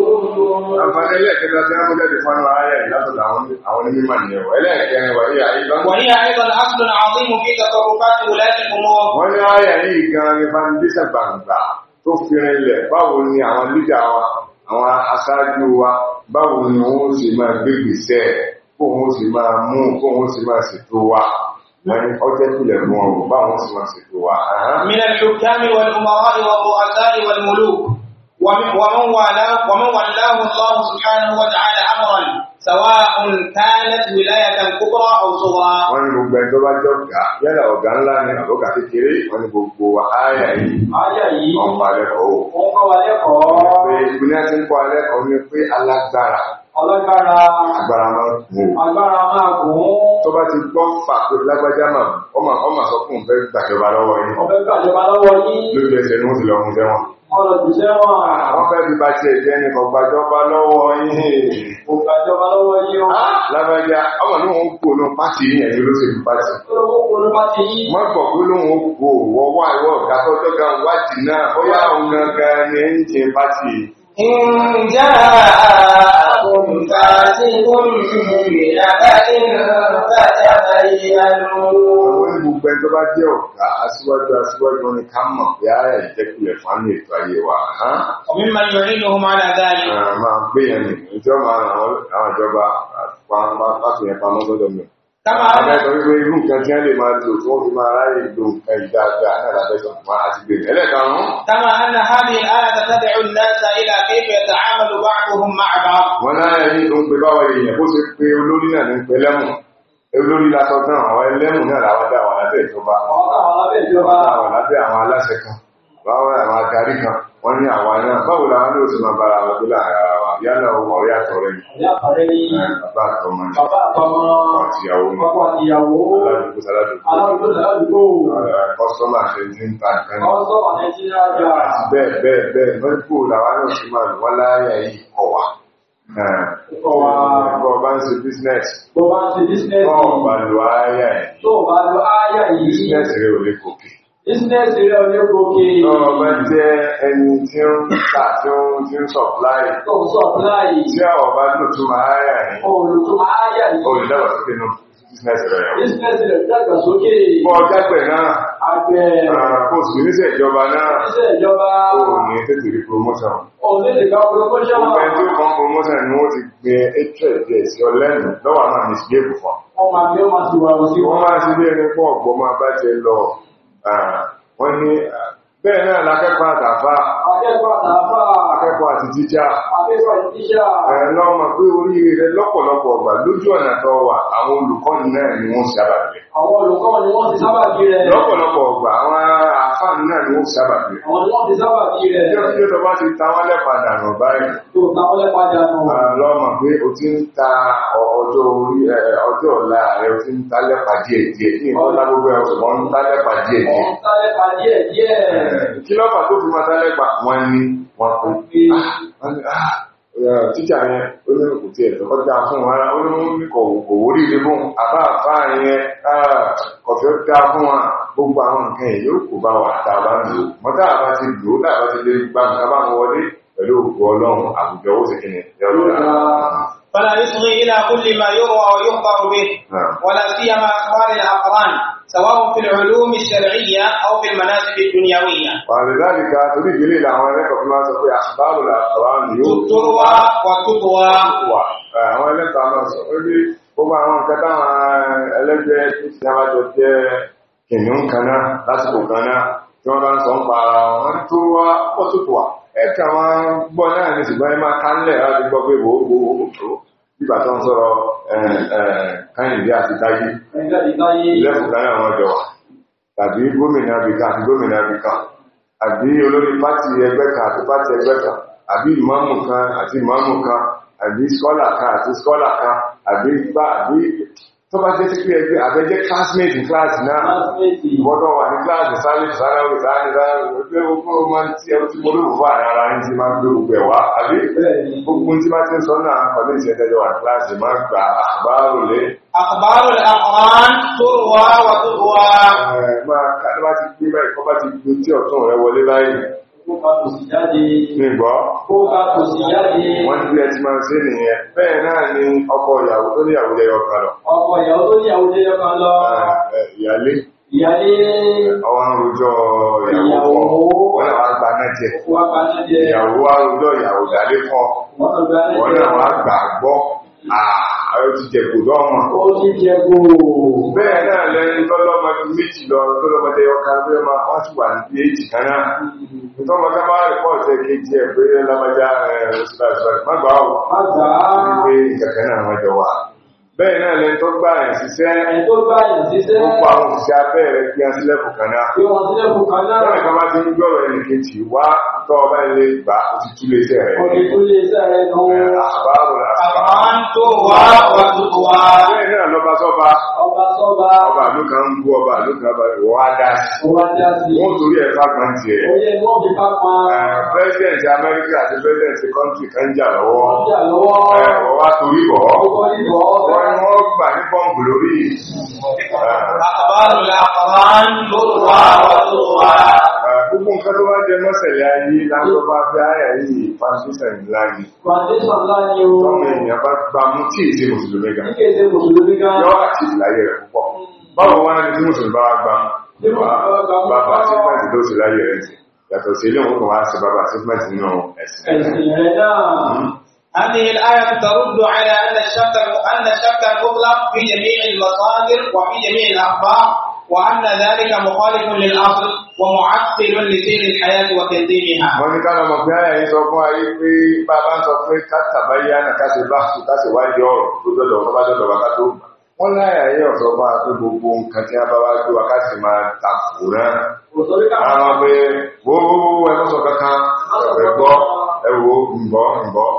àǹfààní ẹlẹ́ẹ̀kẹta tí wọ́n jáde fún àwọn ará ẹ̀ látọ̀ àwọn onímọ̀ ni ẹ̀wọ̀ ẹlẹ́ẹ̀kẹrin wà ní àyíká. wọ́n ní àyíká ní asùn àwọn ọmọ bí ìtọ́kọ̀ rúpa ti wù lẹ́yìn fún wọn. wọ́n ní àyà yìí gan-an ní fandisa gbàǹgbà tó fi rinlẹ̀ báwo ni àwọn lídà wa àwọn aṣáájú wa báwo ni wọ́n sì máa gbégbèsè kó wọ́n sì máa mú kó wọ́n sì máa ṣètò wa wọ́n ọjọ́ ìpìlẹ̀ mú ọ̀rọ̀ báwọn sì máa ṣètò wa. min al-hukami ومن والاه ومن والاه الله سبحانه وتعالى امرا سواء كانت ولاية كبرى أو صغرى. wọ́n ní gbogbo ẹjọ́ bá jọ gà yálà ọ̀gá ńlá ni àbọ̀gà kékeré wọ́n ní gbogbo àyà yìí. àyà yìí ọ̀pọ̀ alẹ́kọ̀ọ́. wọ́n kọ́ alẹ́kọ̀ọ́. pé ìpínlẹ̀ tí ń kọ́ alẹ́kọ̀ọ́ ni pé alágbára ọlọ́gbára agbára máa gùn ún tó bá ti gbọ́ pàpẹ lágbájá mà ọmọ ọmọ sọ fún un fẹ́ gbàjọba lọ́wọ́ yín ọ̀fẹ́ gbàjọba lọ́wọ́ yín lórí ẹsẹ̀ ni wọ́n ti lọ mú sẹ́wọ̀n ọ̀rọ̀ jù sẹ́wọ̀n àwọn fẹ́ bí ba ti ẹ̀jẹ̀ ni kò gbàjọba lọ́wọ́ yín kò gbàjọba lọ́wọ́ yín o ah! lágbájá ọmọ ní òun kò lóun pàtì yín ẹ̀jẹ̀ ló ṣe fi pàtì. wọ́n kọ̀ جاءكم فاسق tó bá jẹ́ ọ̀gá aṣíwájú aṣíwájú ni ká mọ̀ pé ara ìjẹ́kulẹ̀ fún àmì ètò ayé wa. ọ̀mí máa yọ nínú ọmọ alága yìí. gbé yẹn nìyí tí wọ́n máa ràn àwọn pàṣẹ yẹn pamọ́ sọ́dọ̀ mi. Àbẹ́sọ̀ wípé irú nǹkan tí wọ́n lè máa lò fún òfin máa ráyè lo nǹkan ìdáadáa náà lábẹ́sọ̀ fún àti bèrè. Ẹlẹ́karùn-ún. Tàmà Anna Hami Alata Tadẹ̀ Olùdáta Ilà Kéfẹ̀ Tàhámàlú Wákòhùn Máa bá. Wọ́n náà ẹni tó ń pe báwọn èèyàn bó ṣe pé olórí náà ní pẹ́ lẹ́mù. Olórí lásán tán àwọn ẹlẹ́mù náà làwọn dá wà lábẹ́ ìjọba. Àwọn lábẹ́ àwọn aláṣẹ kan. Báwo làwọn adarí kan? Wọ́n ní àwọn náà. Báwo làwọn ní yálà ọ̀rẹ́ àtọ̀rẹ́ bàbá àtọmọ àtìyàwó aládùúgbò aládùúgbò kọ́sọ́mà àtẹ́ntì ń ta nǹkan àti ah, bẹ́ẹ̀ bẹ́ẹ̀ bẹ́ẹ̀ mẹ́kù làwọn náà sì máa wọ́n láyà yìí kọ̀ wá. Bọ̀ bá ń ṣe business. Bọ̀ bá ń ṣe business. Bọ̀ bá lo ááyà yìí. Tó bá lo ááyà yìí. Business rẹ̀ ò lè gòkè business rẹ ò ní gòkè. ọba jẹ ẹni tí ó ń tà tí ó ń tí ń supply. tó ń supply. tí àwọn ọba lò tó máa yà ní. òòlù tó máa yà ní. òòlù dábàá sókè nù business rẹ. business rẹ dàgbà sókè. bọ́ dágbẹ̀ náà. àgbẹ̀. oṣù níṣẹ́ ìjọba náà. níṣẹ́ ìjọba. o ní tètè rí promotion. o ní lè gba promotion. ọ̀pẹ tí ó kan promotion ni wọ́n ti gbin eight days ọlẹ́nu lọ́wọ́ àwọn àmì ìṣèlú fún. ọmọ àgbẹ̀ wọn ti wà wọ́n sí. wọ́n máa ń ṣe bí ẹni pọ̀ ọ̀gbọ́n máa bá jẹ lọ. Ah, wọ́n ní bẹ́ẹ̀ náà lákẹ́kọ̀ọ́ àtàfà akẹ́kọ̀ọ́ àti jíjá ẹ̀lọ́mà pé orí rẹ lọ́pọ̀lọpọ̀ ọgbà lójú ọ̀nà tó wà àwọn olùkọ́ni náà ni wọ́n sábà àfáàní náà ló sábà bí. Àwọn tí wọ́n ti sábà bí rẹ̀. Tí ọdún tó bá ti ta wọ́n lẹ́padà nù báyìí. Tó ta wọ́n lẹ́padà nù. Lọ́mọ pé o ti ń ta ọjọ́ orí ọjọ́ ọ̀la rẹ̀ o ti ń ta lẹ́pa díẹ̀ díẹ̀. Ní ìfọ́nlá gbogbo ẹ̀ ọ̀sùn wọ́n ń ta lẹ́pa díẹ̀ díẹ̀. Wọ́n ń ta lẹ́pa díẹ̀ díẹ̀. Kí lọ́pàá tó fi máa ta lẹ́pa? Wọ́n ní wọ́n kú títà yẹn ó ní kò tiẹ̀ lọ́kọ́ dá fún wọn ó ní kò wórí ilé fún àbá àbá yẹn kọ̀fẹ́ dá fún wọn gbogbo àwọn nǹkan yìí yóò kó bá wà tá a bá lò mọ́tà àbá ti lò ó dàbá ti lè gbàgbà bá wọn wọlé pẹ̀lú òkú ọlọ́run àwùjọ ó sì kí ni yọ̀ọ́ فلا يصغي إلى كل ما يروى ويخبر به ولا سيما أخبار الأقران سواء في العلوم الشرعية أو في المناسب الدنيوية ولذلك تريد لي لعوانك كما تقول أخبار الأقران تطوى وتطوى وأنا تعمل سؤالي gbogbo àwọn nǹkan táwọn ẹlẹ́gbẹ́ tó ti dáwájọ jẹ́ kìnnìún tí wọ́n bá ń sọ ń pa ara wọn tó wá pọ̀ tó tó wà ẹ kà máa gbọ́ náà ní ṣùgbọ́n ẹ máa ká ńlẹ̀ láti gbọ́ pé wòó wòó wòó bíbà tó ń sọ̀rọ̀ káyìndé àti táyé lẹ́fù táyé àwọn ọjọ́ wa tàbí gómìnà abìkan àti gómìnà abìkan àbí olórí pátì ẹgbẹ́ kan àti pátì ẹgbẹ́ kan àbí ìmáàmù kan àti ìmáàmù kan àbí skọ́là kan àti skọ́là kan àbí gbá àbí tó bá jẹ́ sípé ẹgbẹ́ àbẹ́jẹ́ classmate in class náà ìwọ́dọ̀ wà ní class sáré sáré òwe sáré sáré òwe ọgbọ́n ọmọ tí ẹ ti mọ́lú òfò àrárá ń ti máa ń gbé gbogbo ẹ̀wá àbí gbogbo tí máa ti ń sọ náà pẹ̀lú ìṣẹ́jẹ́jọ́ wà ní class máa gba àkàbárò lé. àkàbárò lè àkàrán tó wá wà tó wá. ẹ máa ká ló bá ti gbé báyìí kó bá ti gbé tí ọ̀tún rẹ wọlé báyìí. Gbígbọ́. Wọ́n ti lẹ́tí máa ṣe nìyẹn. Bẹ́ẹ̀ náà ni ọkọ ìyàwó tó ní àwùjẹ ọkàn lọ. Ọkọ ìyàwó tó ní àwùjẹ ọkàn lọ. Ah, eh, ìyálé. Ìyálé. Ọwọ́n rojọ́ ìyàwó. Wọ́n náà wá gba náà jẹ. Ìyàwó wá rojọ́ ìyàwó dálé kọ́. Wọ́n náà wá gbàgbọ́. Ààrẹ ah, ti jẹ̀kù lọ́mọ. Ó ti jẹ̀kù. Bẹ́ẹ̀ náà lẹ́yìn tọ́lọ́mọdé méjì lọ tọ́lọ́mọdé ọkàn lọ́mọ wá sì wà ní èjì kan ìtọ́mọ tó bá rí pọ̀ tẹ kejì ẹ̀ pé lámájá ẹ̀ bẹ́ẹ̀ náà lẹ́ni tó gbà yàn síṣẹ́ ó àwọn òṣìṣẹ́ abẹ́ kí wọ́n sílẹ̀kùn kan náà wọ́n nìkan bá ti ń náà lọ́ba kan ń bú ọba kan bá wọ́n á dá sí wọ́n torí ẹ̀ fagbọn tiẹ̀ pẹ́sidẹ̀ntì Amẹ́ríkà àti pẹ́sidẹ̀ntì kọ́ńtì kan jà lọ́wọ́ ọ̀ wá torí bọ̀ ni wọ́n gbà ní pọ́ǹpù lórí. àkàbàlù àkàbàlù tó wà wà tó wà. Gbogbo nǹkan tó bá jẹ mọ́sẹ̀lẹ̀ ayé láńtọ́ bá fi àyà yìí fàṣíṣà ńlá ni. Fàṣíṣà ńlá ni o. Tọ́mọ ènìyàn bá gba mú tí èsè mùsùlùmí gan. Tí èsè mùsùlùmí gan. Yọ àti ìlàyé rẹ̀ púpọ̀. Báwo wá ní tí mùsùlùmí bá gbà mú? Bàbá àti ìfẹ́ǹsì tó Yàtọ̀ sí ilé òun kan wá sí bàbá àti ìfẹ́ǹsì náà ẹ̀sìn. Ẹ̀sìn ẹ̀dá. هذه الآية ترد على أن الشك أن الشك المطلق في جميع المصادر وفي جميع الأخبار وأن ذلك مخالف للأصل ومعطل لسير الحياة وتنظيمها. wọ́n ní káná mọ̀ pé àyà yìí sọ fún ayé pé bàbá sọ pé ká tàbáyá náà ká ṣe bá ṣe ká ṣe wá yọ ọ̀rọ̀ tó dọ̀dọ̀ tó bá dọ̀dọ̀ bàbá tó. wọ́n láyà yìí ọ̀sọ́ fún wa pé gbogbo nǹkan tí a bá wá gbé wa ká sì máa takò náà. àwọn ọmọ pé wo ẹ mọ̀ sọ kankan ẹ gbọ́ ẹ wo ń bọ̀ ń bọ̀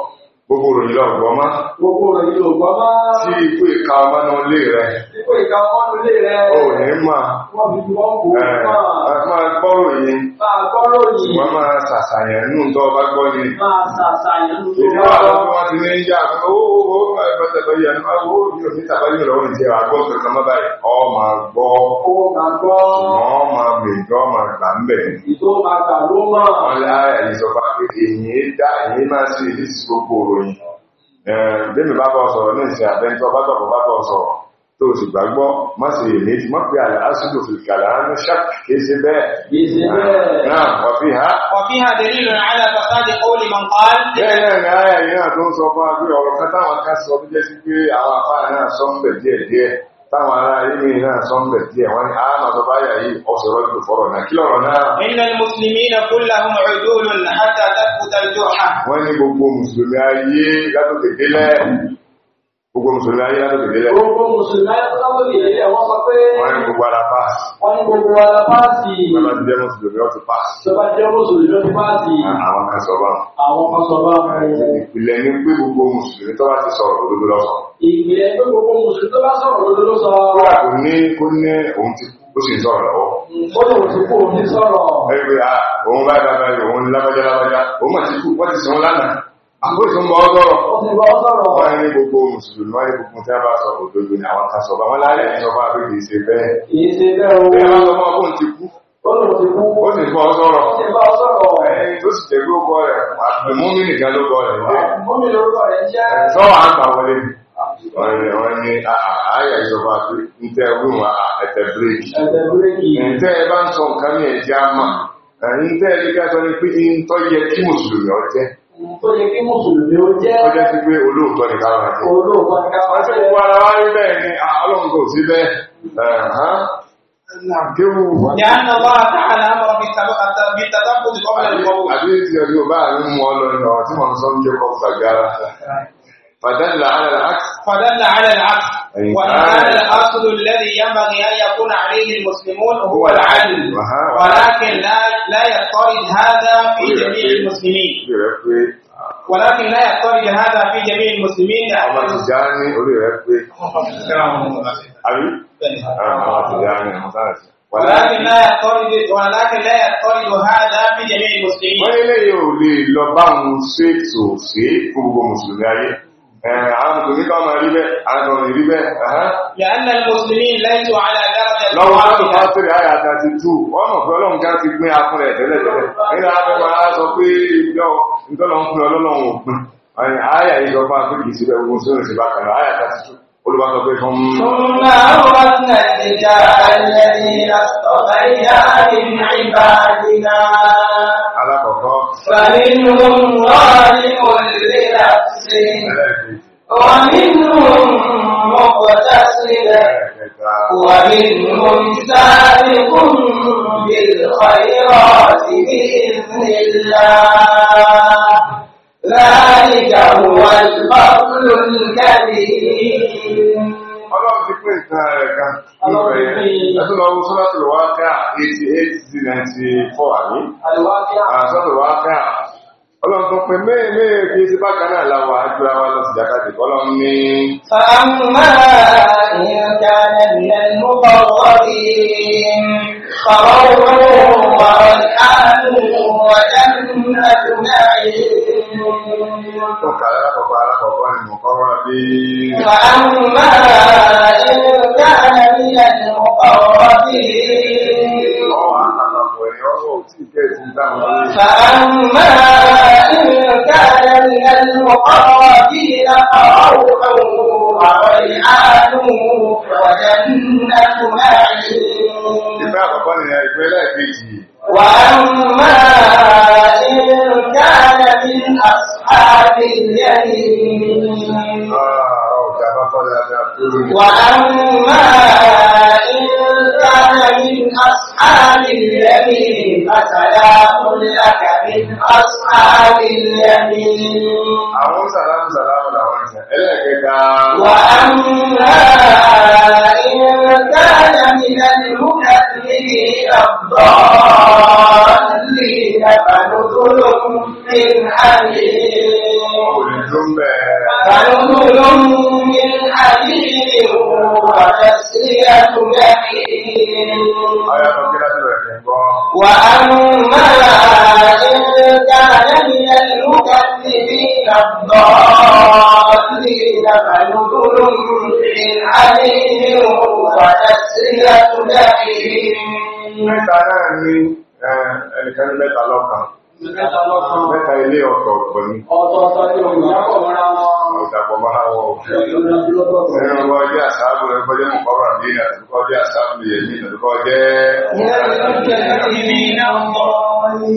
gbogbo ròyìn lọ má. gbogbo ròyìn lọ má. tí ikú ìka ọmọ náà rẹ. ikú ìka ọmọ náà rẹ. o ní mà. wọ́n fi wọ́n kú mà. ẹ máa gbọ́ ròyìn. máa gbọ́ ròyìn. wọ́n máa ṣàṣàyàn nù tó ọba gbọ́ ni. máa ṣàṣàyàn nù tó ọba gbọ́. ìdí àwọn wọn ti ní yá owó owó ẹgbẹ́sẹ̀ tó yẹ owó mi ò ní tàbáyé lọ́wọ́ ní ti àgbọ̀ kankan má báyìí. ọ yìí bẹ́ẹ̀ni bá bọ́ sọ̀rọ̀ ní ìsìn àbẹ́ntọ́ bá bọ̀ bá bọ̀ sọ̀rọ̀ tó sì gbàgbọ́ má sì èméjì má pé àlà ásìdò fi kàlà ní ṣáàkì bẹ́ẹ̀. kìí bẹ́ẹ̀. náà wàfí ha. wàfí ha dèrí lọ táwọn ará ilé náà sọ́mbẹ̀ díẹ̀ wọ́n ni àánà tó bá yà yìí ọ̀sẹ̀ rọ́jù fọ́rọ̀ náà kí lọ́rọ̀ náà. iná ni mùsùlùmí na kúlà ń rẹ̀ dóòlù náà wọ́n ní gbogbo mùsùlùmí ayé látòkè délẹ̀ gbogbo mùsùlùmí ayé látòkè délẹ̀. gbogbo mùsùlùmí ayé látòkè délẹ̀ wọ́n sọ pé. wọ́n ní gbogbo ara paasi. wọ́n ní gbogbo ara paasi. bàbá ti jẹ́ mùsùlùmí ọtí paasi. bàbá ti jẹ́ mùsùlùmí ọtí paasi. àwọn kan sọ báwọn. àwọn kan sọ báwọn. ìpìlẹ̀ ni pé gbogbo mùsùlùmí tó bá ti sọ̀rọ̀ lódodo ló ìpìlẹ̀ ó sì ń sọ̀rọ̀ lọ́wọ́. ó lè wò tó kó ní sọ̀rọ̀. ẹ pé ah, òun bá dábàá òun lábájá lábájá òun mà ti kú wọ́n ti sọ lánàá. Àkókò tó Wọ́n ní gbogbo Mùsùlùmí, wọ́n ní gbogbo tí a bá sọ òdodo ni àwọn kan bá wọn lálẹ́ ìjọba àbí kìí ṣe bẹ́ẹ̀. Kìí bẹ́ẹ̀ wọ́n ní àyà ìjọba pé ń tẹ́ wíwọ̀n ẹ̀tẹ̀ bíréèkì ń ń sọ nǹkan ní ẹ̀jẹ̀ àmà ń tẹ́ ẹ ní ká ní tọ́ yẹ kí mùsùlùmí ọ̀tẹ́ tó lè kí mùsùlùmí ó jẹ́ ọjọ́ sí pé olóòtọ́ ní kára àti olóòtọ́ ní kára àti gbogbo ara wá rí bẹ́ẹ̀ ni ọlọ́run kò sí bẹ́ẹ̀ Nàkéwù wà. Ní àná Allah ta'ala amara bí tàbí tàbí kò فدل على العكس فدل على العكس وهذا الاصل الذي ينبغي ان يكون عليه المسلمون هو العدل ولكن لا لا يفترض هذا في جميع المسلمين ولكن لا يفترض هذا في جميع المسلمين ولكن لا يفترض ولكن لا يفترض هذا في جميع المسلمين. Eh, àwọn mùsùlùmí kọ́ máa rí bẹ́ẹ̀ àwọn ọ̀rọ̀ rí bẹ́ẹ̀. lẹ́nà mùsùlùmí lẹ́tọ̀ aláàdáradà. lọ́wọ́ àti pásítọ̀rì àyà tàti tú wọ́n mọ̀ pé ọlọ́run ká ti pín rẹ̀ àyà ìjọba tú olùbá sọ fún mú. Ṣùgbọ́n wọ́n ní olè ومنهم مقتصد ومنهم سابق بالخيرات بإذن الله ذلك هو الفضل الكبير Ọlọ́run ti pín ìtàn rẹ̀ kan nípa ẹ̀. Ẹ̀tún lọ wọ́n sọ́lọ́tò wákà 88 sí 94 àní. Àlùwákà. Àṣọ́tò wákà ọlọ́run tó pin mẹ́ẹ̀mẹ́ẹ̀ kí sí bákan náà láwọn àjọra wa lọ sí jákàtì ní. fàmà ìyànjá nílẹ̀ ló bọ̀ wọ́n àlùmọ̀ ọ̀dẹ́nàdùnà yìí. ọkà alákọ̀ọ́kọ́ alákọ̀ọ́kọ́ ni bí. فأما إن كان من المقربين فروحا وريحان وجنة نعيم وأما إن كان من أصحاب اليمين وأما كان من أصحاب اليمين فسلام لك من أصحاب اليمين أهو سلام سلام وأما إن كان من المكذبين الضالين فنزل من حميم فنزل من حميم وتسلية جحيم وأما إن كان من المكذبين الضالين فنزل من حميم وتسلية جحيم متى نعمل الكلمة لقم Mẹ́ta ilé ọ̀tọ̀ ọ̀pọ̀ ní. Ọ̀tọ̀ọ̀tọ̀ ni òun yàpọ̀ mọ́ra wọn. Ìdàpọ̀ mọ́ra wọn. Ẹnu ọgbọ́ jẹ́ àṣàbù rẹ̀ kọjẹ́ mú kọ́rọ̀ ní àtúkọ́ jẹ́ àṣàbù ní àtúkọ́ jẹ́.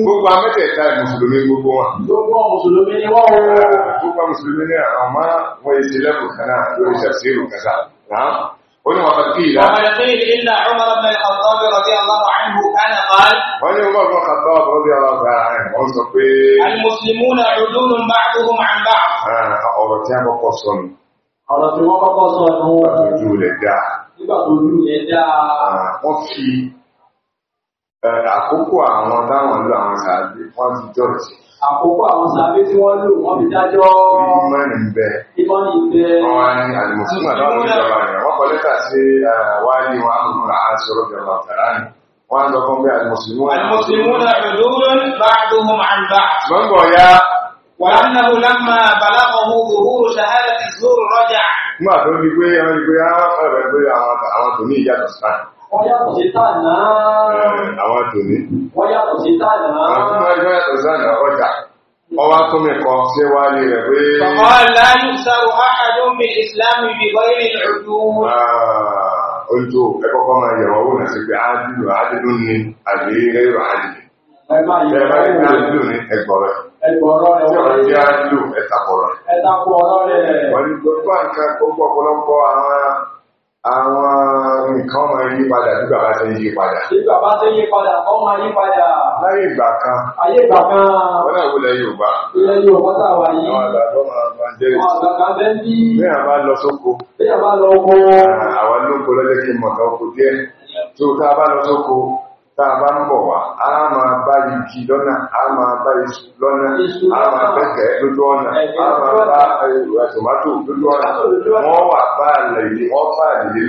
Gbogbo amẹ́tẹ̀ẹ̀ta ìmùsùlùmí gbogbo wọn. Gbogbo mùsùlùmí ni wọ́n قل وقد قيل وقد قيل إلا عمر بن الخطاب رضي الله عنه كان قال قال عمر بن الخطاب رضي الله تعالى عنه المسلمون عدول بعضهم عن بعض ọ̀rọ̀ tí a kọ́kọ́ sọ nù ọ̀rọ̀ tí wọ́n kọ́kọ́ sọ nù ojú rẹ̀ dáa nígbà tó ojú rẹ̀ dáa wọ́n fi àkókò àwọn táwọn ìlú àwọn sàájú wọ́n ti jọ́ọ̀tì àkókò àwọn sàbí tí wọ́n lò wọ́n fi dájọ́ ìmọ̀nì bẹ̀. ìmọ̀nì bẹ̀. ọ̀hún àlùmọ̀tìmọ̀ lọ́wọ́ ìjọba rẹ̀ wọ́n kọ lẹ́tà sí wáyé wọn àmúlò àti ọ̀rọ̀jọba ọ̀tàrà ni wọ́n ń lọ́kọ́ bí àlùmọ̀tìmọ̀. àlùmọ̀tìmọ̀ náà rẹ̀ lóòrò ń bá àdóhùn àgbà. lọ́gbọ̀ ya. وأنه لما بلغه ظهور شهادة الزور رجع. ما wọ́n yàtọ̀ sí tànà. Eh, àwọn àtòní. wọ́n yàtọ̀ sí tànà. àwọn tó máa yàtọ̀ sí àná ọjà ọwá tó mẹ́kọ sí wá rẹ̀ pé ọ̀lá yóò sáró áhàdùn mi ìsìlámi bí gọ́rí ìlú ojú ẹkọ́kọ́ máa yẹ̀wọ̀ wò náà sí pé áàdìlù áàdìlù ní àbí rẹ̀rọ áàdìlù ẹgbẹ́ áàdìlù ní ẹgbọ̀rọ̀ tí ọ̀rọ̀ jẹ́ áàdìlù ẹ̀tàkọ̀rọ̀ àwọn nǹkan máa yí padà bí bàbá ṣe yí padà. bí bàbá ṣe yí padà wọ́n máa yí padà. láyé ìgbà kan. ayé ìgbà kan. wọ́n náà wọlé Yorùbá. ilẹ̀ Yorùbá tá a wà yìí. àwọn àgbàdo máa máa jẹ́rìí. àwọn àgbàdo bẹ́ẹ̀ bí. bí a bá lọ sóko. bí a bá lọ oko. àwọn lóko lọ́jọ́ kí n mọ̀ tó kú díẹ̀. tó tá a bá lọ sóko tá a bá ń bọ̀ wá a máa bá igi lọ́nà a máa bá iṣu lọ́nà a máa bẹ́kẹ̀ lójú ọ̀nà a máa bá tòmátò lójú ọ̀nà wọ́n wà bá àlè ní wọ́n bá àlè lórí.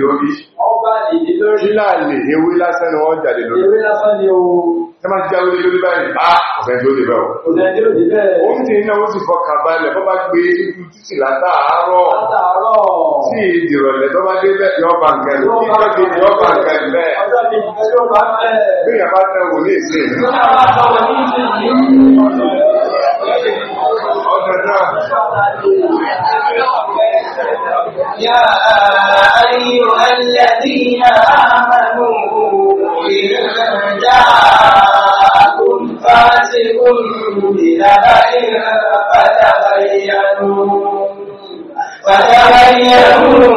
lórí. kí láàlè ewé lásán ni wọ́n jáde lórí ẹ máa já lórí báyìí bá ah, ọ̀sẹ̀ tó lè bẹ̀rọ. ó ti iná ó sì fọkà balẹ̀ bọ́ bá gbé ibi títì látàárọ̀ tí ìdìrọ̀lẹ̀ tó bá dé bẹ́ẹ̀ yọ bá nǹkan lù kí yọ bí yọ bá nǹkan lù bẹ́ẹ̀. bí yàrá bá tẹ̀ wò ní ìsìn. يا أيها الذين آمنوا إن جاءكم فاسق بنبأ فتبينوا فتبينوا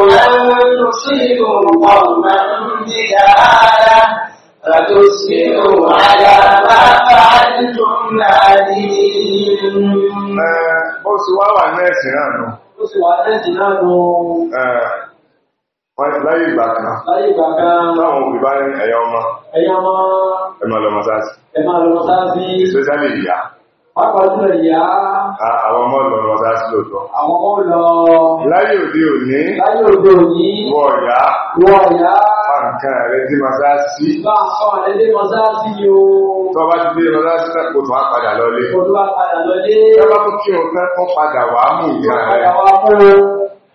أن تصيبوا قوما بجهالة فتصبحوا على ما فعلتم نادمين. ó sì wá wà ní ẹ̀sìn náà nù. ó sì wà ní ẹ̀sìn náà nù. wọ́n láyé ìgbà kan. láyé ìgbà kan. táwọn òbí bá ní ẹ̀yà ọmọ. ẹ̀yà ọmọ. ẹ máa lọ mọ́sáàsì. ẹ máa lọ mọ́sáàsì. especially ìyá. pápá ojúlọ ìyá. àwọn ọmọ lọ mọ́sáàsì lóòótọ́. àwọn ọmọ lọ. láyé òde òní. láyé òde òní. wọ ọ̀yá. wọ ọ̀yá nǹkan rẹ̀ dé mọ́sáàsì. Bá àwọn rẹ̀ dé mọ́sáàsì yóò. Tó bá ti dé mọ́sáàsì náà kò tó wá padà lọlé. Kò tó wá padà lọlé. Tó bá tún kí òun tán padà wá mú nǹkan rẹ̀. Padà wá mú o.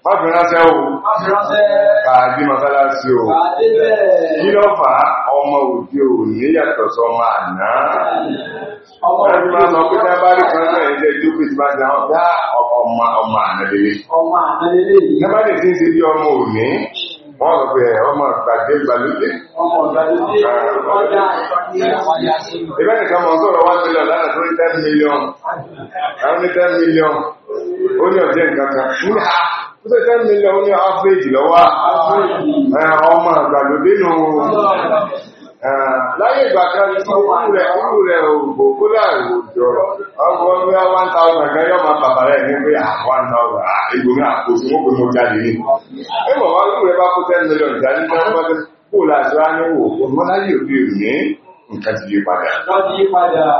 Má fi ránṣẹ́ o. Má fi ránṣẹ́. Kàdé mọ́sáàsì o. Kàdé bẹ́ẹ̀. Kí ló fà á? Ọmọ òde òní yàtọ̀ sọmọ àná. Ọmọ òde òní. Wọ́n ti máa sọ pé tábà rí kan náà ẹ̀jẹ̀ jókòó ti máa ṣe àwọn bá ọmọ àná délé. Ọmọ àná délé yìí. Tábà lè ti ń ṣe bí ọmọ òní wọ́n lọ pé ọmọ ìpàdé ìgbàlódé ìbẹ́ nìkan mọ̀ sọ̀rọ̀ 1 million lára tó ní 10 million lára ní 10 million ó ní ọ̀jẹ́ nǹkan kan ó sì 10 million ó ní average lọ́wọ́ ọmọ ìgbàlódé nù láyé ìgbà kan ní sọ wọ́n rẹ̀ olú rẹ̀ ògbò kó láàrù òjò ọgbọ́n ní one thousand kan yọ́ máa bàbá rẹ̀ ní pé ah, one thousand ah, ìgbò náà kò sí wọ́n jáde ní. ẹ bọ̀ bá kó ten million jáde ní kó láti wá ní wò ó láyé òbí nǹkan ti yí padà.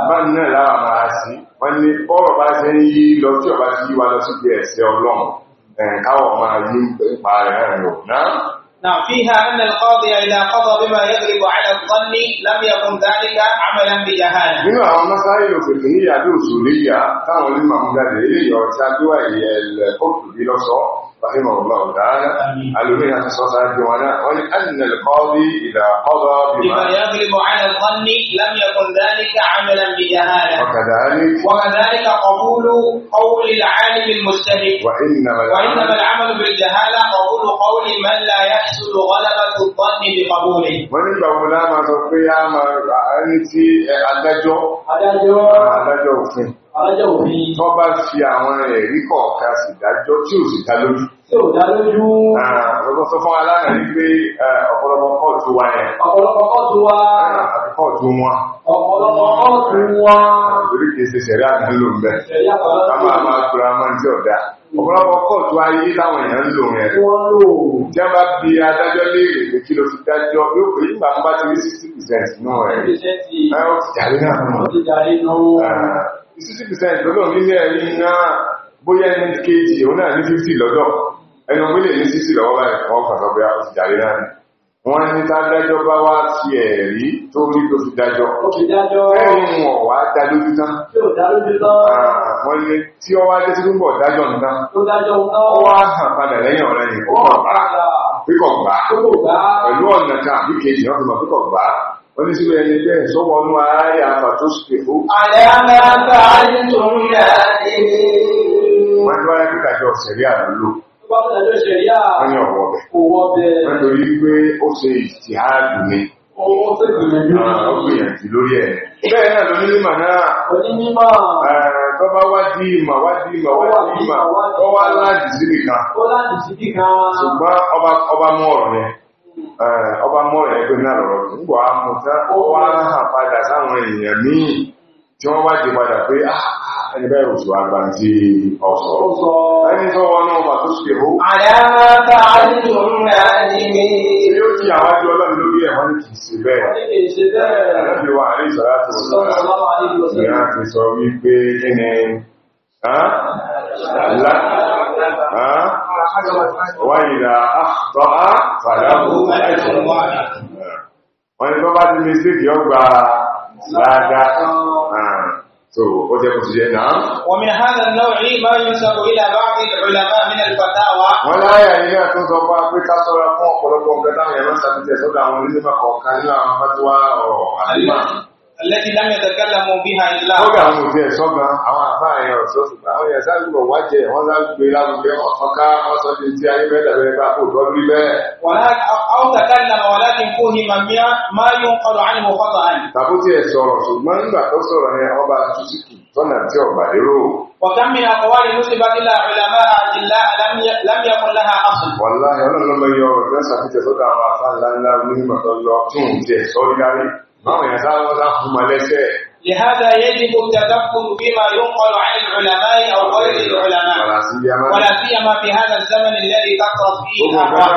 báyìí náà máa sí ní wa lọ sí نعم فيها أن القاضي إذا قضى بما يغلب على الظن لم يكن ذلك عملا بجهالة. nínú àwọn masáyìlú fìlìhíyà àti òṣùlíyà táwọn onímọ̀ ń jáde eléyìí ọ̀tí adúláyé ẹ̀ẹ́dẹ́gbọ̀n tó bí lọ́sọ̀ọ́. رحمه الله تعالى قالوا لنا تصرفها الديوانات ولأن القاضي إذا قضى بما يغلب على الظن لم يكن ذلك عملا بجهالة وكذلك وكذلك قبول قول العالم المجتهد وإنما العمل وإنما العمل بالجهالة قبول قول من لا يحصل غلبة الظن بقبوله ومن بقولها ما تقولها ما أنت أدجو أدجو أدجو adájọ́ òfin. tó bá fi àwọn ẹ̀rí kọ̀ọ̀kan sì dájọ́ tí ò sì dá lójú. tí ò dá lójú. ọ̀rọ̀ ah, sọ fún wa lánàá rí pé eh, ọ̀pọ̀lọpọ̀ kóòtù wa yẹn. ọ̀pọ̀lọpọ̀ kóòtù wa. Ah, àti kóòtù wọn. ọ̀pọ̀lọpọ̀ kóòtù wọn. Ah, torí kìí ṣe sẹ̀rí àdúgbò ń bẹ̀. sẹ̀rí àdúgbò ń bẹ̀. ká máa máa tura máa ń tí ọ̀dà ọ̀pọ̀lọpọ̀ kóòtù ayé láwọn èèyàn ń lò yẹn. wọ́n lò. tí a bá bi adájọ́ léèrè pé kí ló fi dájọ́ yóò pé ìgbà ń bá ti rí sixty percent náà rẹ̀. ẹ ó ti jàre náà. ó ti jàre náà. 60% lọ́lọ́ nílé ẹ̀rí náà bóyá ní kéèjì òun náà ní 50 lọ́dọ̀ ẹnu mílè ní sí ah, sí púpọ̀ dájọ́ nǹkan oníṣẹ́ ẹni bẹ́ẹ̀ sọ́wọ́ ní ààrẹ àpà tó ṣe fún. bá a ní tòun yà ní. wọ́n ti wáyé kíkà jọ ṣẹ̀rí àdúgbò. wọ́n ní ọ̀wọ́ bẹ̀. owó bẹ̀. wọ́n torí pé ó ṣe ìtìhádù ni. owó tó gbìyànjú. ó gbìyànjú lórí ẹ̀. bẹ́ẹ̀ náà ló ní mímọ̀ náà. onímọ̀. tó bá wá di ìmọ̀ wá di ìmọ̀ wá di ìmọ̀ tó wá láàdì síbì kan. ó láàdì síbì kan. ṣùgbọ́n ọba mú ọ̀rọ̀ rẹ̀. Eh, ọba mọ́rẹ̀ ẹgbẹ́ náà lọ́rọ̀ nígbà àmúta ó wá náà padà sáwọn èèyàn míì tí wọ́n wájì padà pé ah, ah, ẹni bẹ́ẹ̀ rùsù agba ti ọ̀sọ̀ ẹni tó wọ́n náà bà tó sì hó àdámáta àdínlọ́rùn ti ọlọ́run lórí ní ṣe bẹ́ẹ̀ àrí sọ wípé kí ni وإذا أخطأ فله أجر wọ́n ni tó bá ti mistake yọ gba láàdá so ó jẹ́ kò sí jẹ́ náà. wọ́n mi hàn án náà rí máa ń sọ ìlà bá mi ìlà bá mi nà lùbàtà wa. wọ́n láyà ilé ẹ̀ tó sọ fún Áfíríkà sọ́ra fún ọ̀pọ̀lọpọ̀ nǹkan táwọn ẹ̀rọ ṣàtúnṣe sọ́dọ̀ àwọn onímọ̀ kọ̀ọ̀kan nínú àwọn fatuwa ọ̀rọ̀ àdìmọ̀. التي لم يتكلم بها الا هو àwọn òbí ẹ̀sọ́ gan àwọn àfáà yẹn ọ̀sọ́ ṣùgbọ́n àwọn yẹn sáré gbọ̀ wájẹ wọn sáré gbé lárugẹ ọ̀sán ká wọn sọ di ti ayé mẹ́ta bẹ́ẹ̀ bá kò tọ́ rí bẹ́ẹ̀. wọn á àwọn tàkàlà wọn láti kó ní màmíà máa yọ ọrọ àni mo kọtọ àni. tàbó tiẹ̀ sọ̀rọ̀ ṣùgbọ́n nígbà tó sọ̀rọ̀ yẹn ọba tuntun tọ́nà tí ọ̀gbà lérò. وكم من أقوال نسبت إلى علماء أدلاء لم لم يكن لها أصل. والله أنا لما يوم تنسى في تصدق مع فلان لا مهم تقول لهم تون تي سوري báwọn èèyàn sáré wọ́n sá fún mọ́ lẹ́sẹ̀. لهذا يجب التدبر بما ينقل عن العلماء او غير العلماء ولا سيما في هذا الزمن الذي تقرا فيه الاخبار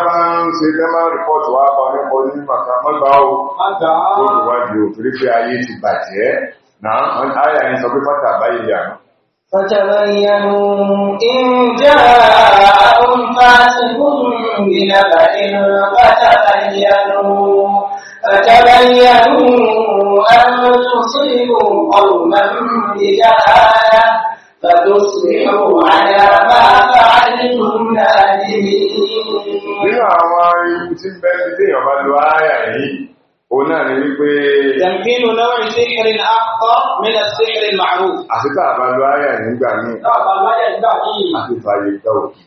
فتبينوا إن جاءكم فاسق بنبأ فتبينوا فتبينوا أن تصيبوا قوما بجهالة فتصبحوا على ما فعلتم نادمين. nínú àwọn ibi tí ń bẹ ní téèyàn bá lo àyà yìí òun náà ni wípé. tẹ̀m̀pínú náà ń ṣe kiri ní akọ mílẹ̀ sí kiri màrú. àti tá a bá lo àyà yìí nígbà míì. tá a bá lo àyà yìí nígbà míì. àti fàyè gbà òkè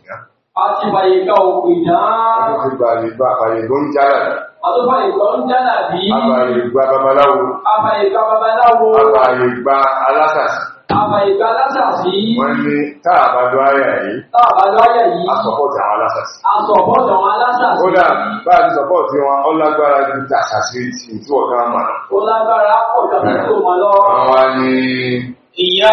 àtìbàyèká òkè dáa. àtìbàyèká àbàyègbó ń jálà. àtìbàyèká ń jálà bí. àbàyègbá babaláwo. àbàyègbá babaláwo. àbàyègbá alásàsì. àbàyègbá alásàsì. wọ́n ní tá a bá lọ àyà yìí. tá a bá lọ àyà yìí. a sọ̀pọ̀tì àwọn alásàsì. a sọ̀pọ̀tì àwọn alásàsì. kódà bá a ti sọ̀pọ̀tì wọn ó lágbára ju tàṣàṣì tí wọ́n kàn mọ̀. ó lágbára pọ̀ jọ̀ọ́ tó mọ̀ lọ. àwọn ni. ìyá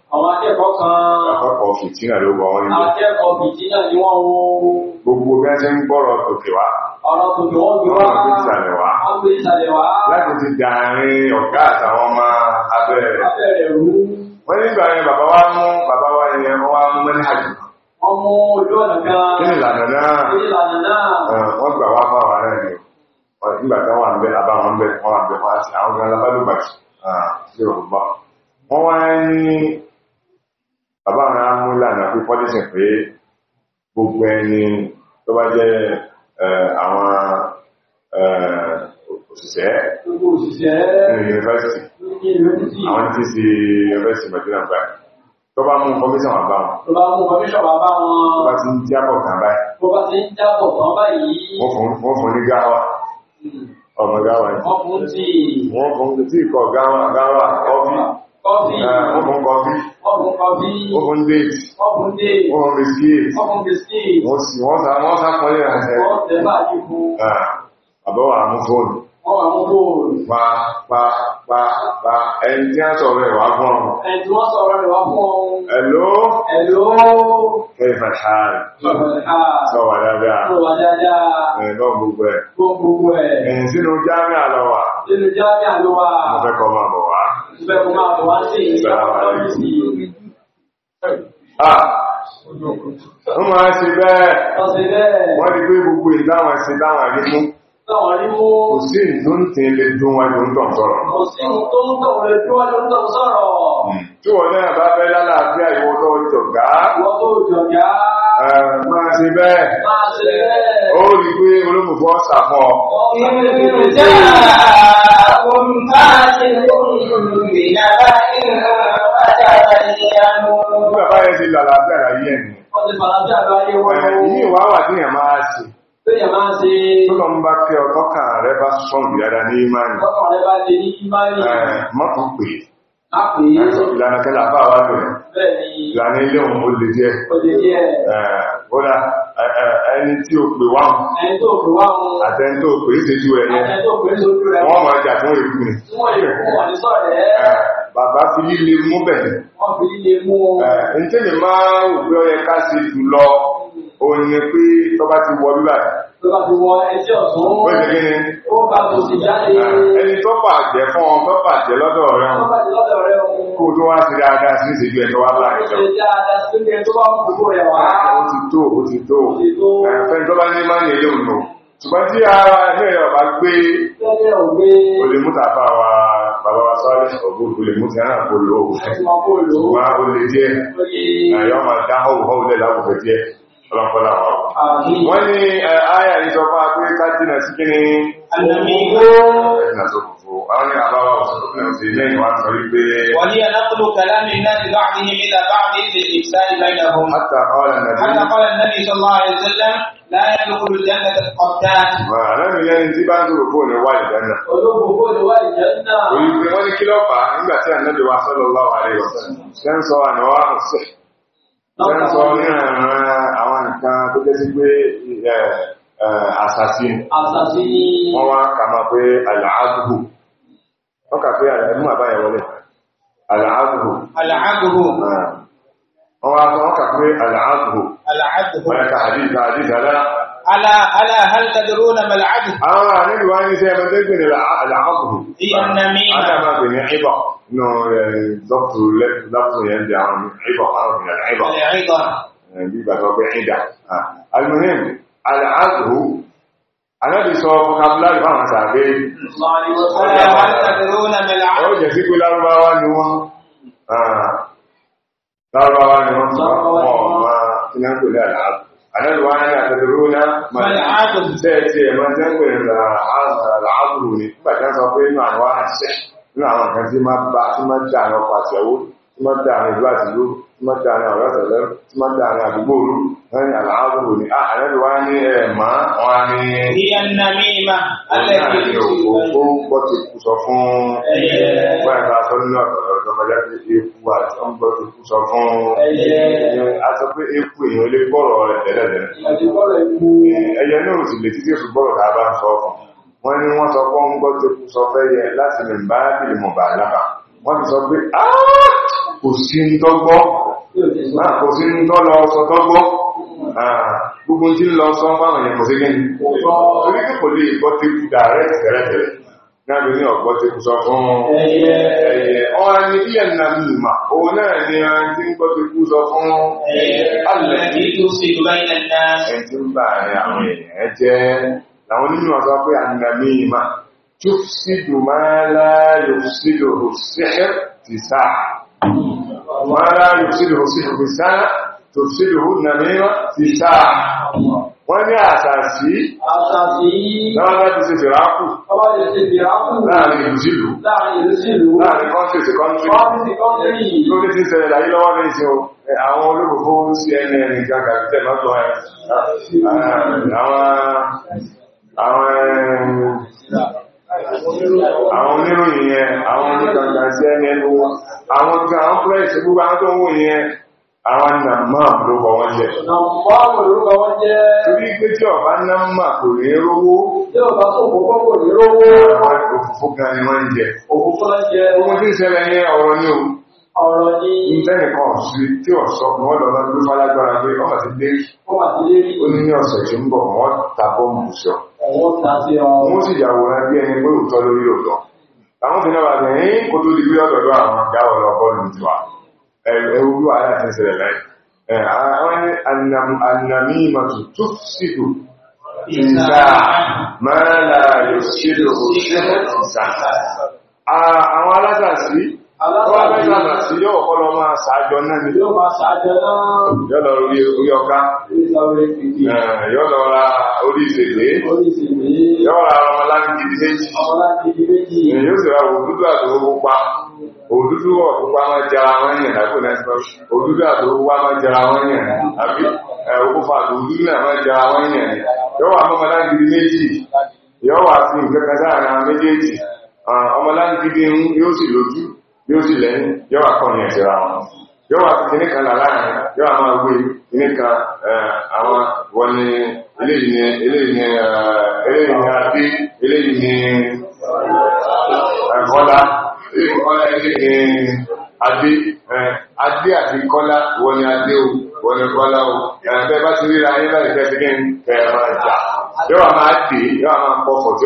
àwọn akẹ́kọ̀ọ́ kan akẹ́kọ̀ọ́ fìtínà ló wọ wọn akẹ́kọ̀ọ́ fìtínà ni wọ́n wo gbogbo bí wọ́n ṣe ń gbọ́rọ̀ tòkè wá ọ̀rọ̀ tòkè wọ́n gbé wá wọ́n gbé wá láti ti dàárín ọ̀gá àtàwọn ọmọ abẹ́rẹ́ abẹ́rẹ́ wọ́n nígbà yẹn bàbá wa mú bàbá wa yẹn wọ́n wá mú mẹ́rin àjù ọmọ ojú ọ̀nà kan kí ni ìlànà náà wọ́n gbà wá fáwọn ará ẹ̀ nígbà táwọn àbẹ àbáwọn àbẹ wọn wọn àti àwọn ọmọ alábàlùbàjì ṣe bàbá àwọn amúlànà pé pọ́lísìn pé gbogbo ẹni tó bá jẹ́ àwọn òṣìṣẹ́ yunifásitì àwọn tí sí yunifásitì mẹ́tìlá báyìí tó bá mú kọmíṣàn wà bá wọn tó bá ti ń jábọ̀ kan báyìí wọ́n fún ní gáwà hmm. ọmọ gáwà wọ́n fún tí ìkọ̀ gáwà ọ́fíì Kọfí. Ọkùn kọfí. Ọkùn kọfí. Ọkùn déètì. Ọkùn déètì. Ọkùn bisikíìtì. Ọkùn bisikíìtì. Wọ́n sì wọ́n sá wọ́n sá kọ́lé àṣẹ. Wọ́n tẹ̀ bá yí fún. Àbọ̀wọ̀ àmú fóònù. Wọ́n wà mú fóònù. Pa pa pa pa ẹni tí wọ́n sọ̀rọ̀ ẹ̀ wá fún ọ̀run. Ẹni Ẹ̀ló. Ẹ̀ló. Kẹ́fà ṣáàrì. Sọ̀wà dáadáa. Sọ̀wà dáadáa. Ẹ̀ lọ́ọ̀ gbogbo ẹ̀. Gbogbo ẹ̀. Ẹ̀ sínú jámíà lọ Sínú jámíà ìgbẹ́ Wọ́n ṣe bẹ́ẹ̀. Wọ́n ti gbé gbogbo ìdáwọn ṣe dáwọn àrímú. Kò sí ìdún tí lè dún wájú ń tàn sọ̀rọ̀. Kò sí ìdún tó ń tàn lè dún wájú ń tàn sọ̀rọ̀. Hmm. Tí wọ́n náà bá fẹ́ lálàáfíà máa ṣe bẹ́ẹ̀ ó rí pé olóògùn ọ̀sà fún ọ. ìrìnàjò olùmọ̀ọ́sẹ̀ olùmọ̀ọ́sẹ̀ bàbá yẹn ti làlàáfíà láyé ẹ̀ ní. yìí wá wà tí yẹn máa ṣe. tó lọ ń bá kí ọkọ kan rẹ bá sọ̀rọ̀ yàrá ní imáyì. mọ́tò pè é. ìlànà kẹlẹ́ àbá wa lò yẹn ìlànà òun ó jẹ́ ọ̀dá ẹni tí ó pè wáhùn àtẹni tó pè é ṣejú ẹ̀yẹ wọ́n mọ̀ ẹjà fún èkú ni bàbá fi líle mú bẹ̀rẹ̀ ẹ̀ ń tẹ́lẹ̀ máa ń wùgbé ọyẹ sí jù Bọ́lá ti wọ ẹjẹ́ ọ̀tún. Bẹ́ẹ̀ ni kí Ó bá tó sì jáde. Ah, ẹni tó pàjẹ́ fún ọ, tó pàjẹ́ lọ́dọ̀ rẹ o. Kó tó wá sí dáadáa sí ìṣèjú ẹ̀ tó wá láàrin ah, Ó ti tó Ó ti tó, ó ti tó. Ah, bá ní máa ń yẹ lóun gbé. Tẹ́lẹ̀ ò gbé. wa bàbá wa sọ́ọ́lẹ̀ ọ̀gbọ́n o lè mú kò lò ó. Ṣùgbọ́n o lè díẹ̀. Àyọ̀ máa dá họ́wù họ́wù lẹ̀ ọlọ́pọ̀lá wa. Wọ́n ní àyà ìjọba pé kájínà sí kí ni Ànàmìgbó ẹ̀dìnà tó fòfò, àwọn ní àbáwà òṣèlú ti lẹ́yìn wá sọ wípé wọ́n ní ẹ̀lọ́pọ̀lù kàlámì náà ti bá àmì ìlà bá ka tó jẹ́ sí pé ọwa ka ma kà máa pé àlàágùhù wọ́n kà pé ẹ̀mú àbáyẹ̀ wọlé àlàágùhù àlàágùhù wọ́n wá ka kà pé àlàágùhù àlàágùhù wọ́n kà àdìsà àdìsà lára ألا ألا هل تدرون ما العدل؟ آه نبي وين bíbà tó pé ẹ̀dà almuhim al'adhu anábì sọ vocabulary fáwọn sàbẹ́ ó jẹ́ sí pé lárúbáwá ni wọ́n lárúbáwá ni wọ́n sọ ọmọ ìlànkò lára anábì wá ní àtẹ̀tẹ̀rúnà mal'adhu tẹ́ẹ̀tẹ́ ẹ̀mọ́ jẹ́kọ̀ ìrìnlẹ̀ tí máa ń da àrin ìlú àti ìlú tí máa ń da àrin àwọn àtẹ̀lẹ́ tí máa ń da àrin àdúgbò òru wọ́n ní àlàáfíà ní àárẹ̀ wá ní ẹ̀mọ́ wọn ní. ní ẹnà mímà alẹ́ bí o ti wọ́n. ó ń gbọ́ ti kú sọ fún ọgbà ìta aṣọ nínú ọ̀dọ́mọdé àti eku àti ó ń gbọ́ ti kú sọ fún. a sọ pé eku èèyàn lè gbọ́rọ̀ rẹ̀ tẹ́lẹ̀tẹ́lẹ̀. ẹyẹ náà sì lè títí oṣù gbọ́rọ̀ tá a bá ń sọ fún wọ́n ní wọ́n sọ pé ó ń gbọ́ ti kú sọ fẹ́ yẹ láti mìíràn bá bìrì mọ̀ bá lábàá wọ́n ti sọ pé áá kò sí ń tọ́gbọ́ kò sí ń tọ́ lọ sọ tọ́gbọ́ gbogbo tí ń lọ sọ fáwọn èèyàn kò sí gẹ́ni torí kò lè gbọ́ tí kú dàrẹ́ tẹ́lẹ̀tẹ́lẹ̀ náàbí ní ọ̀gbọ́ tí kú sọ fún ẹ̀yẹ ọ̀rọ̀ ni bí ẹ̀nà mímà òun náà ni a ti ń gbọ́ tí kú sọ fún alẹ́ tí tó sì lọ́yìn náà ẹ̀ tí ń bá àwọn èèyàn ẹ jẹ́ làwọn onímọ̀ sọ pé ẹ̀nà mímà tufsidu ma la yufsidu sihir ti sáà wàhálà yòsílù òsìlù ìsá tòsílù nàmíwá ti sá wọ́n ní àsàsí lọ́wọ́dá ti ṣe fìrákù láàrin ìlúsílù láàrin kọ́ntì sí kọ́ntì tó ní ti ṣẹlẹ̀ láyé lọ́wọ́ ní ìṣẹ́ àwọn olóòfó cnn gàgà tẹ̀ mọ́tọ̀ ẹ̀ àwọn àwọn oníròyìn yẹn àwọn onígbàgbà sí ẹni ẹnu wọn àwọn tí àwọn fúlẹ̀sì gbogbo àwọn tó ń yẹn àwọn nàmà lórúkọ lórúkọ wọn jẹ́. torí pé tí ọba nàmà kò rí rówó. tí ọba tó òfófó kò rí rówó. òfófó gan ni wọ́n ń jẹ. òfófó ló jẹ. ohun tí ń ṣẹlẹ̀ yẹn ọ̀rọ̀ ni o. ọ̀rọ̀ ni. ntẹ́nì kan sí tí ọ̀sọ́ wọn lọ lọ lórí falágbára pé ọmọ ti dé. ọmọ ti dé. ó ní ọ̀sẹ̀ tí ń bọ̀ wọ́n tàbọ̀ mùsọ̀ wọ́n sì yàwòrán bí ẹni pé òótọ́ lórí òótọ́ àwọn tí náà wà ní kó tó di pé ọ̀dọ̀dọ̀ àwọn gáwọ̀ lọ bọ́ọ̀lù tiwa ẹ̀rú wàhálà ti ṣẹlẹ̀ láì àwọn ànàmí ìmọ̀tò tó ṣìdò ìgbà máa lára yóò ṣìdò òṣìṣẹ́ ìgbà àwọn alátàsí yóò kọ́lọ máa sàájọ náà ni yóò lọ rí orí ọká yóò lọ ra orí ìsèlé yóò ra ọmọ láti gidi méjì yóò sì ra òdúdú àtòwò pupa òdúdú ọ̀pọ̀pá máa jẹra yẹn òdúdú àtòwò máa jẹra yẹn òdúdú náà máa jẹra yẹn yóò wà láti méjì yóò wà yóò sì lẹ́yìn yóò wà kọ́ni ẹ̀sẹ̀ ra wọn yóò wà kíní kan là láàrin yóò wà máa wé kíní kan àwọn wọn ni eléyìí ni eléyìí ni eléyìí ni adé eléyìí ni ẹ̀kọ́lá eléyìí kọ́lá eléyìí ni adé adé àti kọ́lá wọn adé o wọn kọ́lá o ẹ̀rẹ̀fẹ́ bá ti ríra ayé láì fẹ́ kíní kẹ̀rẹ̀ máa jà yóò wà máa dè yóò wà máa pọkọ̀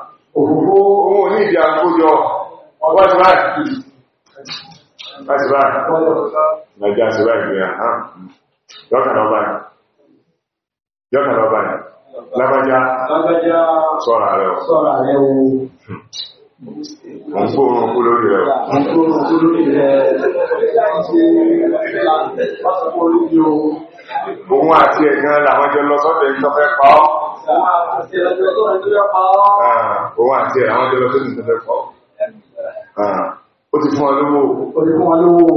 òfófó owó ní ìdí àkójọ ọgbọ́síwáì nàíjá àti ẹ̀gán làwọn jọ lọ sọ́dẹ̀ ìjọfẹ́ pa ọ́ Òun ah, àti ẹ̀ àwọn jọlọ ní ìtọ́fẹ́ kọ́. Ah, ó ti fún ọlọ́wọ́. Ó ti fún ọlọ́wọ́.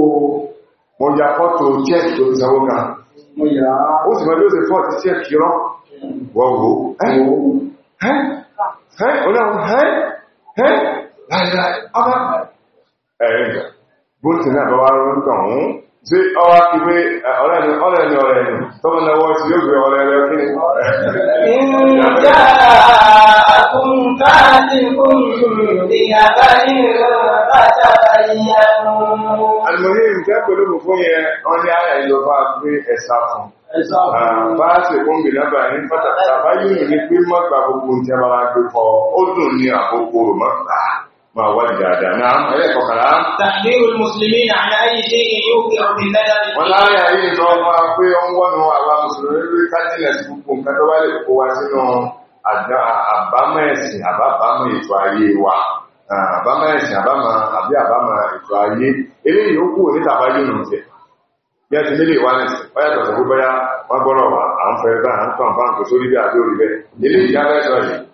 Mo ya fọ́tò check tó ti sanwó kan. Ó sì mọ́ bí fọ́tò check rán. Wọ́n wò. Ẹ́ ẹ̀rìn bó ti náà bá rọ́ ń tàn sí ọwá kí pé ọ̀rẹ́ni ọ̀rẹ́ni ọ̀rẹ́ni tó mọ́ lọ́wọ́ sí yóò gbé ọ̀rẹ́ rẹ̀ kí ni ìjà àkúntàdì kúrùn ní àbáyé bàtà ìyanu alìmọ̀yé ìjẹ́ pẹ̀lú fún yẹn wọ́n ní àyà ìlò bá gbé ẹ̀sà fún ah, bá ṣe fún gbìnàbà ní pàtàkì àbáyé ní pé mọ́gbà gbogbo ìjẹ́ bára gbé fọ́ ó dùn ní àkókò mọ́gbà وودادا نعم ايه فقرا تحذير المسلمين عن اي شيء يوقع na ولا يعين توما في a ti nílé ìwà nìsí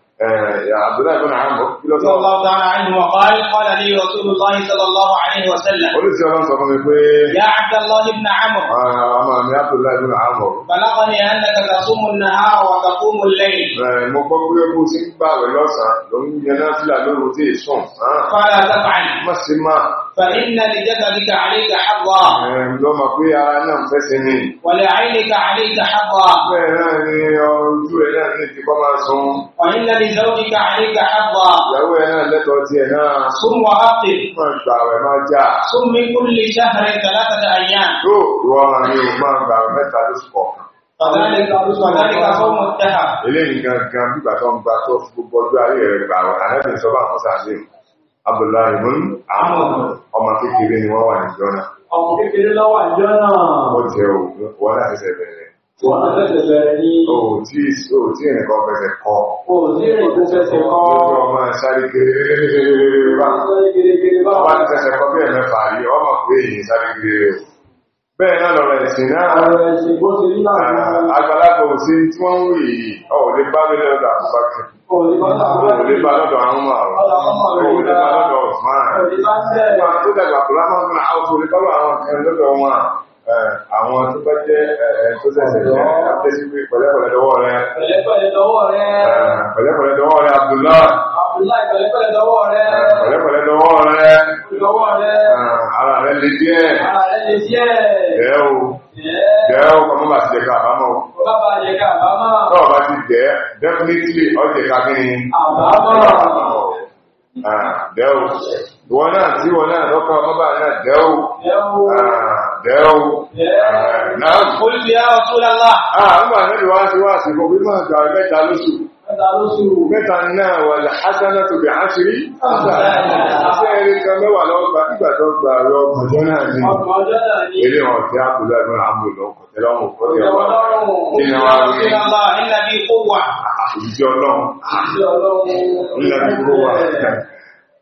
عبد الله بن عمرو رضي الله تعالى عنه وقال قال لي رسول الله صلى الله عليه وسلم قلت يا عبد الله بن عمرو اما يا عبد الله بن عمرو بلغني انك تصوم النهار وتقوم الليل mo gbọ́ pé ó kú sí ń bá àwẹ̀ lọ́sàn-án ló ń yẹn náà sílà lóru tí ì sùn. fara tafàì. má ṣe máa. فإن لجسدك عليك حظا لما في أنا فسني ولعينك عليك حظا وإن زوجك عليك حظا ìyàwó ẹ̀ náà lẹ́tọ̀ọ́ tiẹ̀ náà. sún wa ápè. máa gbà rẹ̀ máa jà. sún mi kú lè ṣàfẹ́rẹ́ tàlátàtà àyà. yóò ìwọ máa ní o máa gbà rẹ̀ mẹ́ta lóṣù kọ̀ọ̀kan. Eléyìí gangan bíbà tó ń gba tó fi gbogbo ọjọ́ ayé rẹ̀ gbà wọ́n, àlẹ́bí sọ bá àwọn sàdé. Abdullahi Mun, àwọn ọmọ kékeré ni wọ́n wà ní Jọ́nà. Ọmọ kékeré lọ́wọ́ àjọ náà. Ó jẹ́ òun, wọ́n láti ṣẹ̀bẹ̀rẹ̀. wà fẹ́sẹ̀ bẹ̀rẹ̀ ní. o tí o tí nǹkan fẹsẹ̀ kọ. o tí bá. sáré gèrè bá. ọba ti fẹsẹ̀ kọ bí ẹ̀ mẹ́fà rí ọmọ pé èyí sáré gèrè o. bẹ́ẹ̀ náà lọ̀rọ̀ ẹ̀sìn náà. ọ̀rọ̀ ẹ̀sìn bó ti ah, ò sí tí wọ́n ń wì yìí ọ̀ ò lè bá ò lè bá Eh, àwọn tó bá jẹ́ eh, eh, tó sẹ̀sẹ̀ jẹ́ àtẹ́sí pé pẹ̀lẹ́pẹ̀lẹ́ dọwọ́ rẹ pẹ̀lẹ́pẹ̀lẹ́ dọwọ́ rẹ pẹ̀lẹ́pẹ̀lẹ́ dọwọ́ rẹ Abdullahi Abdullahi pẹ̀lẹ́pẹ̀lẹ́ dọwọ́ rẹ pẹ̀lẹ́pẹ̀lẹ́ dọwọ́ rẹ dọwọ́ rẹ ara rẹ le díẹ̀ ara rẹ le díẹ̀ jẹ́ o jẹ́ o kọ́mọ́ bá ti jẹ ká àbámọ́ o bá bá jẹ ká àbámọ́ tọ́ọ̀ bá ti jẹ́ definitely ọ̀jẹ̀ ká kí ni àbámọ́ dẹ́wò ìwọ náà tí ìwọ náà lọ́kọ̀ ọmọ bá náà dẹ́wò dẹ́wò. Ah, náà. Olùdíyà ọ̀tún lálá. Àwọn àmì wá sí wá sí fún mímọ̀ àgbà mẹ́ta náà wà láhásánà tó bẹ̀ á sí rí. Ṣé kan mẹ́wàá lọ́gbà nígbà tó gbà rọ ọjọ́ náà wọn lọ́wọ́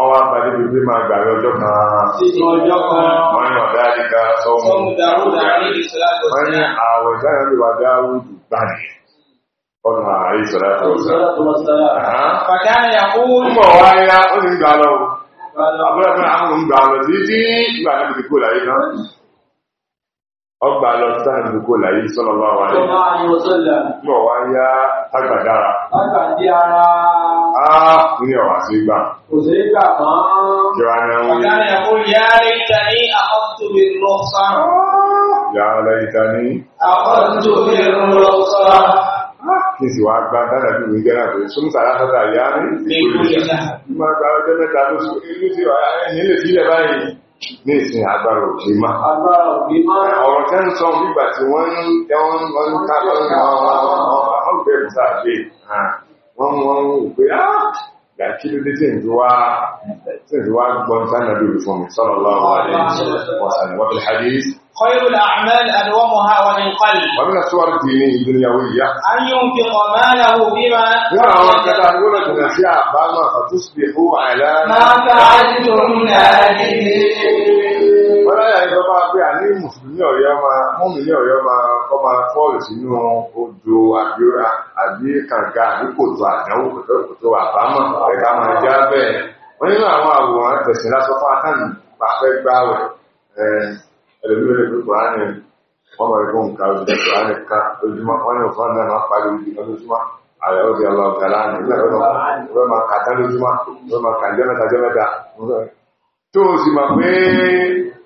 ọwọ́ àpàdé bí pé máa gbàrí ọjọ́ kan wọ́n ní ọ̀dá àríkà sọ́mù wọ́n ní àwọ̀ ìdáyà lè wà dáwùdù gbàrí ọ̀nà àrí sọ́látọ̀ ọ̀sán ọgbà lọ sáà ní kò láyé sọ́lọ́wọ́ wáyé. Mọ̀ wáyá agbàdára. Agbàdí ara ní ọ̀wà sí gbà. Kò sí gbà kan. Kí wá ní àwọn ọ̀gá rẹ̀ kó yá lẹ́yìntà ní àkọ́tùbí lọ sára. Yá lẹ́yìntà ní. Àkọ́tùbí lọ sára. Kí n sì wá gba dára bí mi gẹ́rà pé sọ́mù sàrà sọ́dà yá ní ìgbòlè. Má gba ọjọ́ mẹ́ta ló sọ inú sí wàá ẹni lè sílẹ̀ báyìí. Ní ìsìn agbára òkè má. Agbára òkè má. Ọ̀rọ̀ tẹ́ ń sọ nígbà tí wọ́n ń ká lọ́nà ọ̀hún ọ̀hún ọ̀hún ọ̀hún ọ̀hún ọ̀hún wọ́n wọ́n wò pé á ah! kí ló dé tí ń ju wá tí ń ju wá gbọ́n sánà lórí fún mi sọ́rọ̀ lọ́wọ́ wọ́n fi hadith خير الأعمال أدومها وللقلب ومن الصور الدينية الدنيوية أن ينفق ماله بما يرى وكذا يقول النسيء بعضنا فتصبحوا على ما فعلتم نادمين ولا يبقى يعني مسلم ní ọ̀yọ́ máa mọ́mí ní ọ̀yọ́ máa kọ́ máa fọ́ọ̀lù sínú odò àbíọ́ra àbí kànga àbí kòtò àdánwò àbámọ̀ ẹ̀ka máa já bẹ́ẹ̀. wọ́n nínú àwọn àwòrán tẹ̀sán lásán fún akánì pàfẹ́ gbáwẹ̀ eh, ẹlòmíràn ìlú kòránì wọ́n máa gbọ́n ká ojú kòránì ká ojúmọ́ wọ́n ní òfin náà máa parí ojú kan ààrẹ ọ̀dẹ ọlọ́ọ̀gá láàrin ìgbà tó máa kà máa pé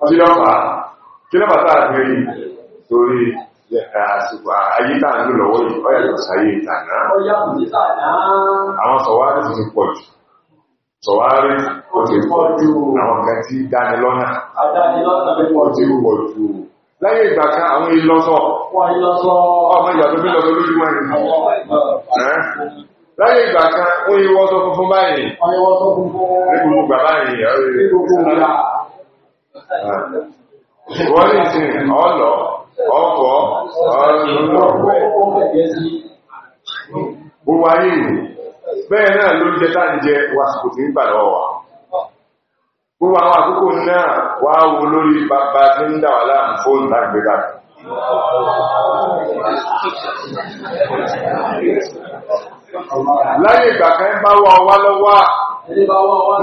wọ́n ti lọ́pàá torí àsìkò àyíká ń lò lọ́wọ́ yìí ọ̀yà sáyé ìtànà. àwọn sọ̀wárí ti pọ̀ sọ̀wárí ó ti àwọn kan tí dánilọ́nà ó láyé ìgbà àwọn ìlọ́sọ̀ ọmọ ìyà tó bí lọ tó lójú wọn láyé ìgbà ó yíwọ́ sọ báyìí ní gbogbo gbà báyìí wọ́n lè ọlọ ọkọ̀ ọlọ́pọ̀ gbogbo ayé bẹ́ẹ̀ náà ló jẹ tá ń jẹ wàsìkò tí ń gbà gbogbo àwọn àkókò náà wà wo lórí bàbá tí ń dà wà láàrín fóònù láyé ìgbà kan bá wá lọ́wọ́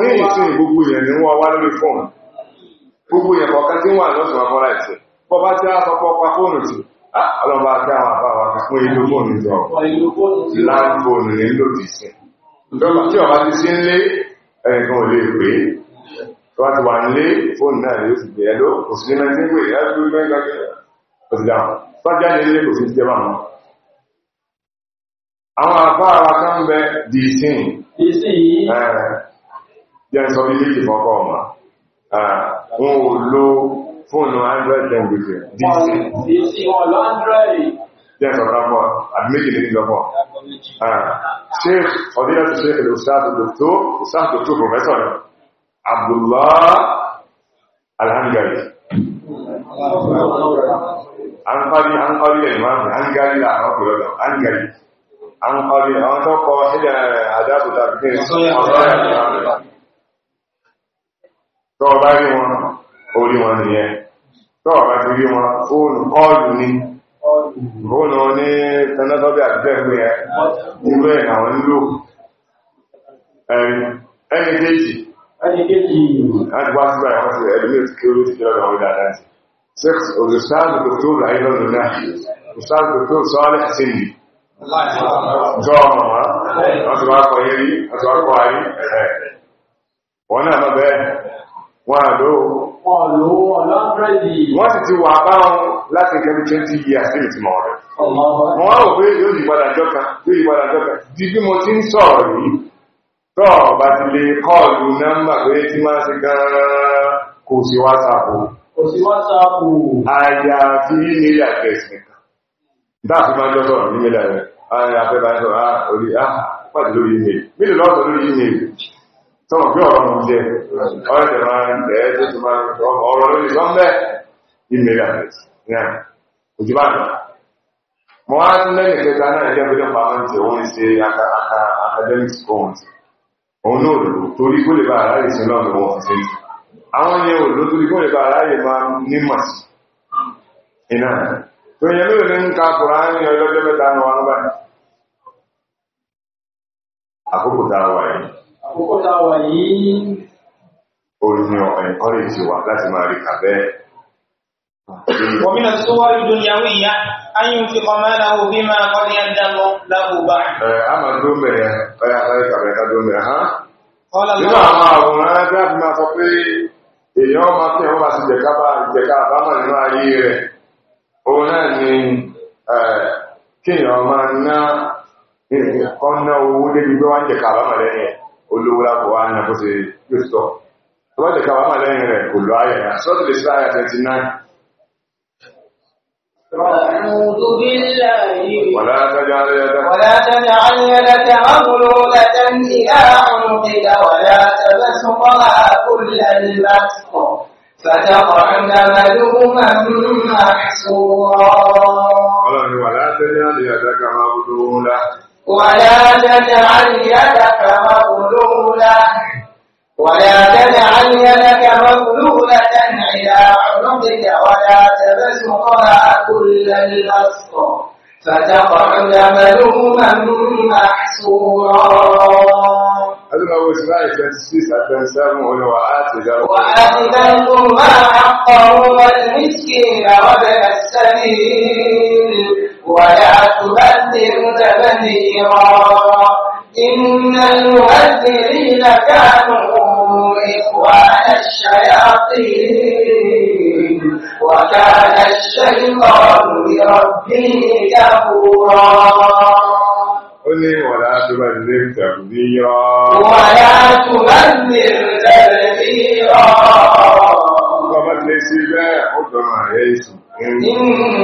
ní ìsìn gbogbo yẹn kọ̀ọ̀kan tí wọ́n àjọsùn afọ́lá ìṣẹ́ bọ́ bá tí a sọ pọ́ pa fóònù sí ọlọ́ba tí a máa bá wa fún ìlú fóònù jọ láńfóònù ní ló ti sìn tí ọba ti sí nlé ẹnìkan ò lè pé tó bá ti wà nlé fóònù náà yóò sì gbẹ̀yẹ́ ló kò sí ní mẹ́tí pé ẹgbẹ́ mẹ́gbẹ́ kò sí dáhùn sọ́jà ní ilé sọ ilé ìfọ́kọ̀ ọ̀ma wọn ò lo fóònù 100 language dìísí wọn lọ 100 jẹ́ ọ̀pọ̀ àdìméjì lè lọ́pọ̀ ṣe ọdílẹ̀ tó ṣe ìlú sáàtò tó professor Abdullah Al-Hangari an kọ́rí an kọ́rí ẹ̀lùmọ́rin Hangari láàrín ọkùnrin Hangari an kọ́rí àwọn tó kọ sílẹ̀ eh, eh, àdábùtà tọ́ ọba rí wọn orí wọn nìyẹn tọ́ ọba ti rí wọn fóònù kọ́ọ̀lù ni fóònù ní tẹ́lẹ́tọ́bí àtẹ́gbé ẹ ìwé àwọn nílò ẹni kéjì láti wá síbà ẹ̀kọ́ sí ẹ̀dùnmí ti kéré ti jẹ́ ọ̀dọ̀ dáadáa six olùsáàlù dòkítò láìlọ́ lọ́dá olùsáàlù dòkítò sọ́ọ́lẹ̀ sílì jọ ọmọ wọn wọ́n àlówó wọ́n sì ti wà bá wọn láti kẹrù 20 years sí ìtìmọ̀ ọ̀rẹ́ wọ́n wá òpé yóò yípadà jọ́ka yóò yípadà jọ́ka di bí mo ti ń sọ̀rọ̀ yìí tọ́ bá ti lè kọlù nọ́mbà pé tí máa ṣe gan-an kò sí wásaàpù kò sí wásaàpù àyàfi nílé àtẹ̀sì nìkan dáàfin máa jọ́ sọ̀rọ̀ nílé àtẹ̀sì nìkan àyàfẹ́ bá ń sọ̀rọ̀ orí pàdé lórí email mílò lọ́sọ̀ lórí email တော့ပြောတော့ဘူးလေဟောတယ်မှာတဲ့သူမှတော့ဟောတော့လို့ရောင်းတဲ့ဒီမေကနာဘုရားကမွားတဲ့ကေကနာရဲ့ဘယ်လိုပါမလဲဝင်စီအခါအခါ academic schools ဘုံတို့တူရီကိုလည်းပါလာရေးဆင်းတော့တော့အစင်းအောင်ရေကိုလူတူရီကိုလည်းပါလာရေးမှာနိမတ်အင်းနာသူရလို့လည်းကာကုရ်အာန်ရောလည်းတမန်တော်ဝါဘာအခုကိုသားဝိုင်း àkókò tá a wà yìí. Olùmọ̀ ẹ̀kọ́rẹ́jì wa láti máa rí kà bẹ́ẹ̀. ومن الصور الدنيوية أن ينفق ماله بما قد يندم له بعد. أما دومي فيا خيرك بك دومي ها. èèyàn bá ti bá nínú ayé òun náà ni máa ná ọ̀nà owó débi gbé wá ń lẹ́yìn ẹ̀ olówó lápò wá ní àkóso yóò tọ́wọ́dẹ̀ ká wà wà lẹ́yìn rẹ̀ kò lọ ayẹ̀ sọ́tù lè sí ayẹ̀ 29 أعوذ بالله ولا تجعل يدك ولا تجعل يدك مغلولة إلى عنقك ولا تبسطها كل البسط فتقعد ملوما محسورا ولا تجعل يدك مغلولة ولا تجعل يدك مغلولة ولا تجعل يدك مغلولة إلى عنقك ولا تبسطها كل البسط فتقعد ملوما محسورا أدنى وزماء 26 أدنى 7 وآت ذا القربى حقه والمسكين وابن السبيل ولا تبذر تبذيرا إن المبذرين كانوا إخوان الشياطين وكان الشيطان لربه كفورا قل ولا تبذر تبذيرا ولا تبذر تبذيرا ومن لسباع قدر يسوع إن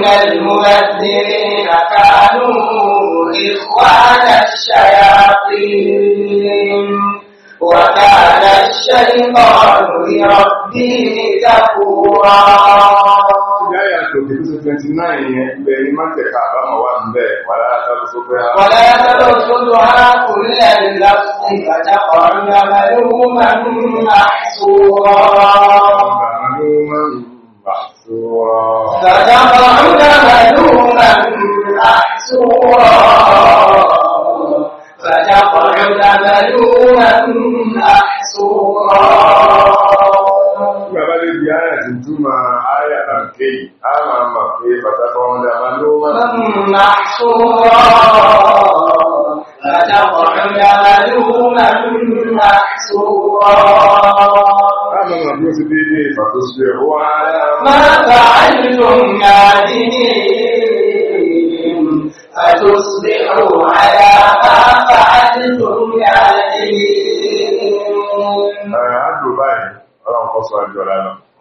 المبذرين كانوا إخوان الشياطين وكان الشيطان لربه كفورا Ìyáyà tó bí tó twenty nine yẹn bẹ ní Mátẹ̀ka àbámọ̀ wà ń bẹ̀ wàlá tọ́lú tó bẹ́ àwọn. Wàlá tọ́lú tó lọ arákùnrin ẹ̀rí láti ìbàjá ọ̀rọ̀ àmàlú máa ń máa ń sọ. Àmàlú máa ń gbà. ستضعون ملوما pé bàtà kan dà ló máa. Máa sọ́rọ̀. فتقعد أهلهما محسورا أنا مبيوت ديني فتصبحوا على ما فعلتم نادمين فتصبحوا على ما فعلتم نادمين. أنا عبد الله أنا قصة جلاله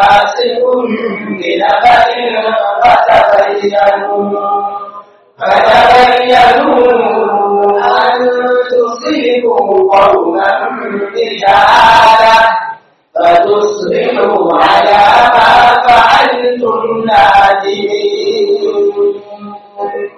فاسق بنبأ فتبينوا فتبينوا أن تصيبوا قوما بجهالة فتصبحوا على ما فعلتم نادمين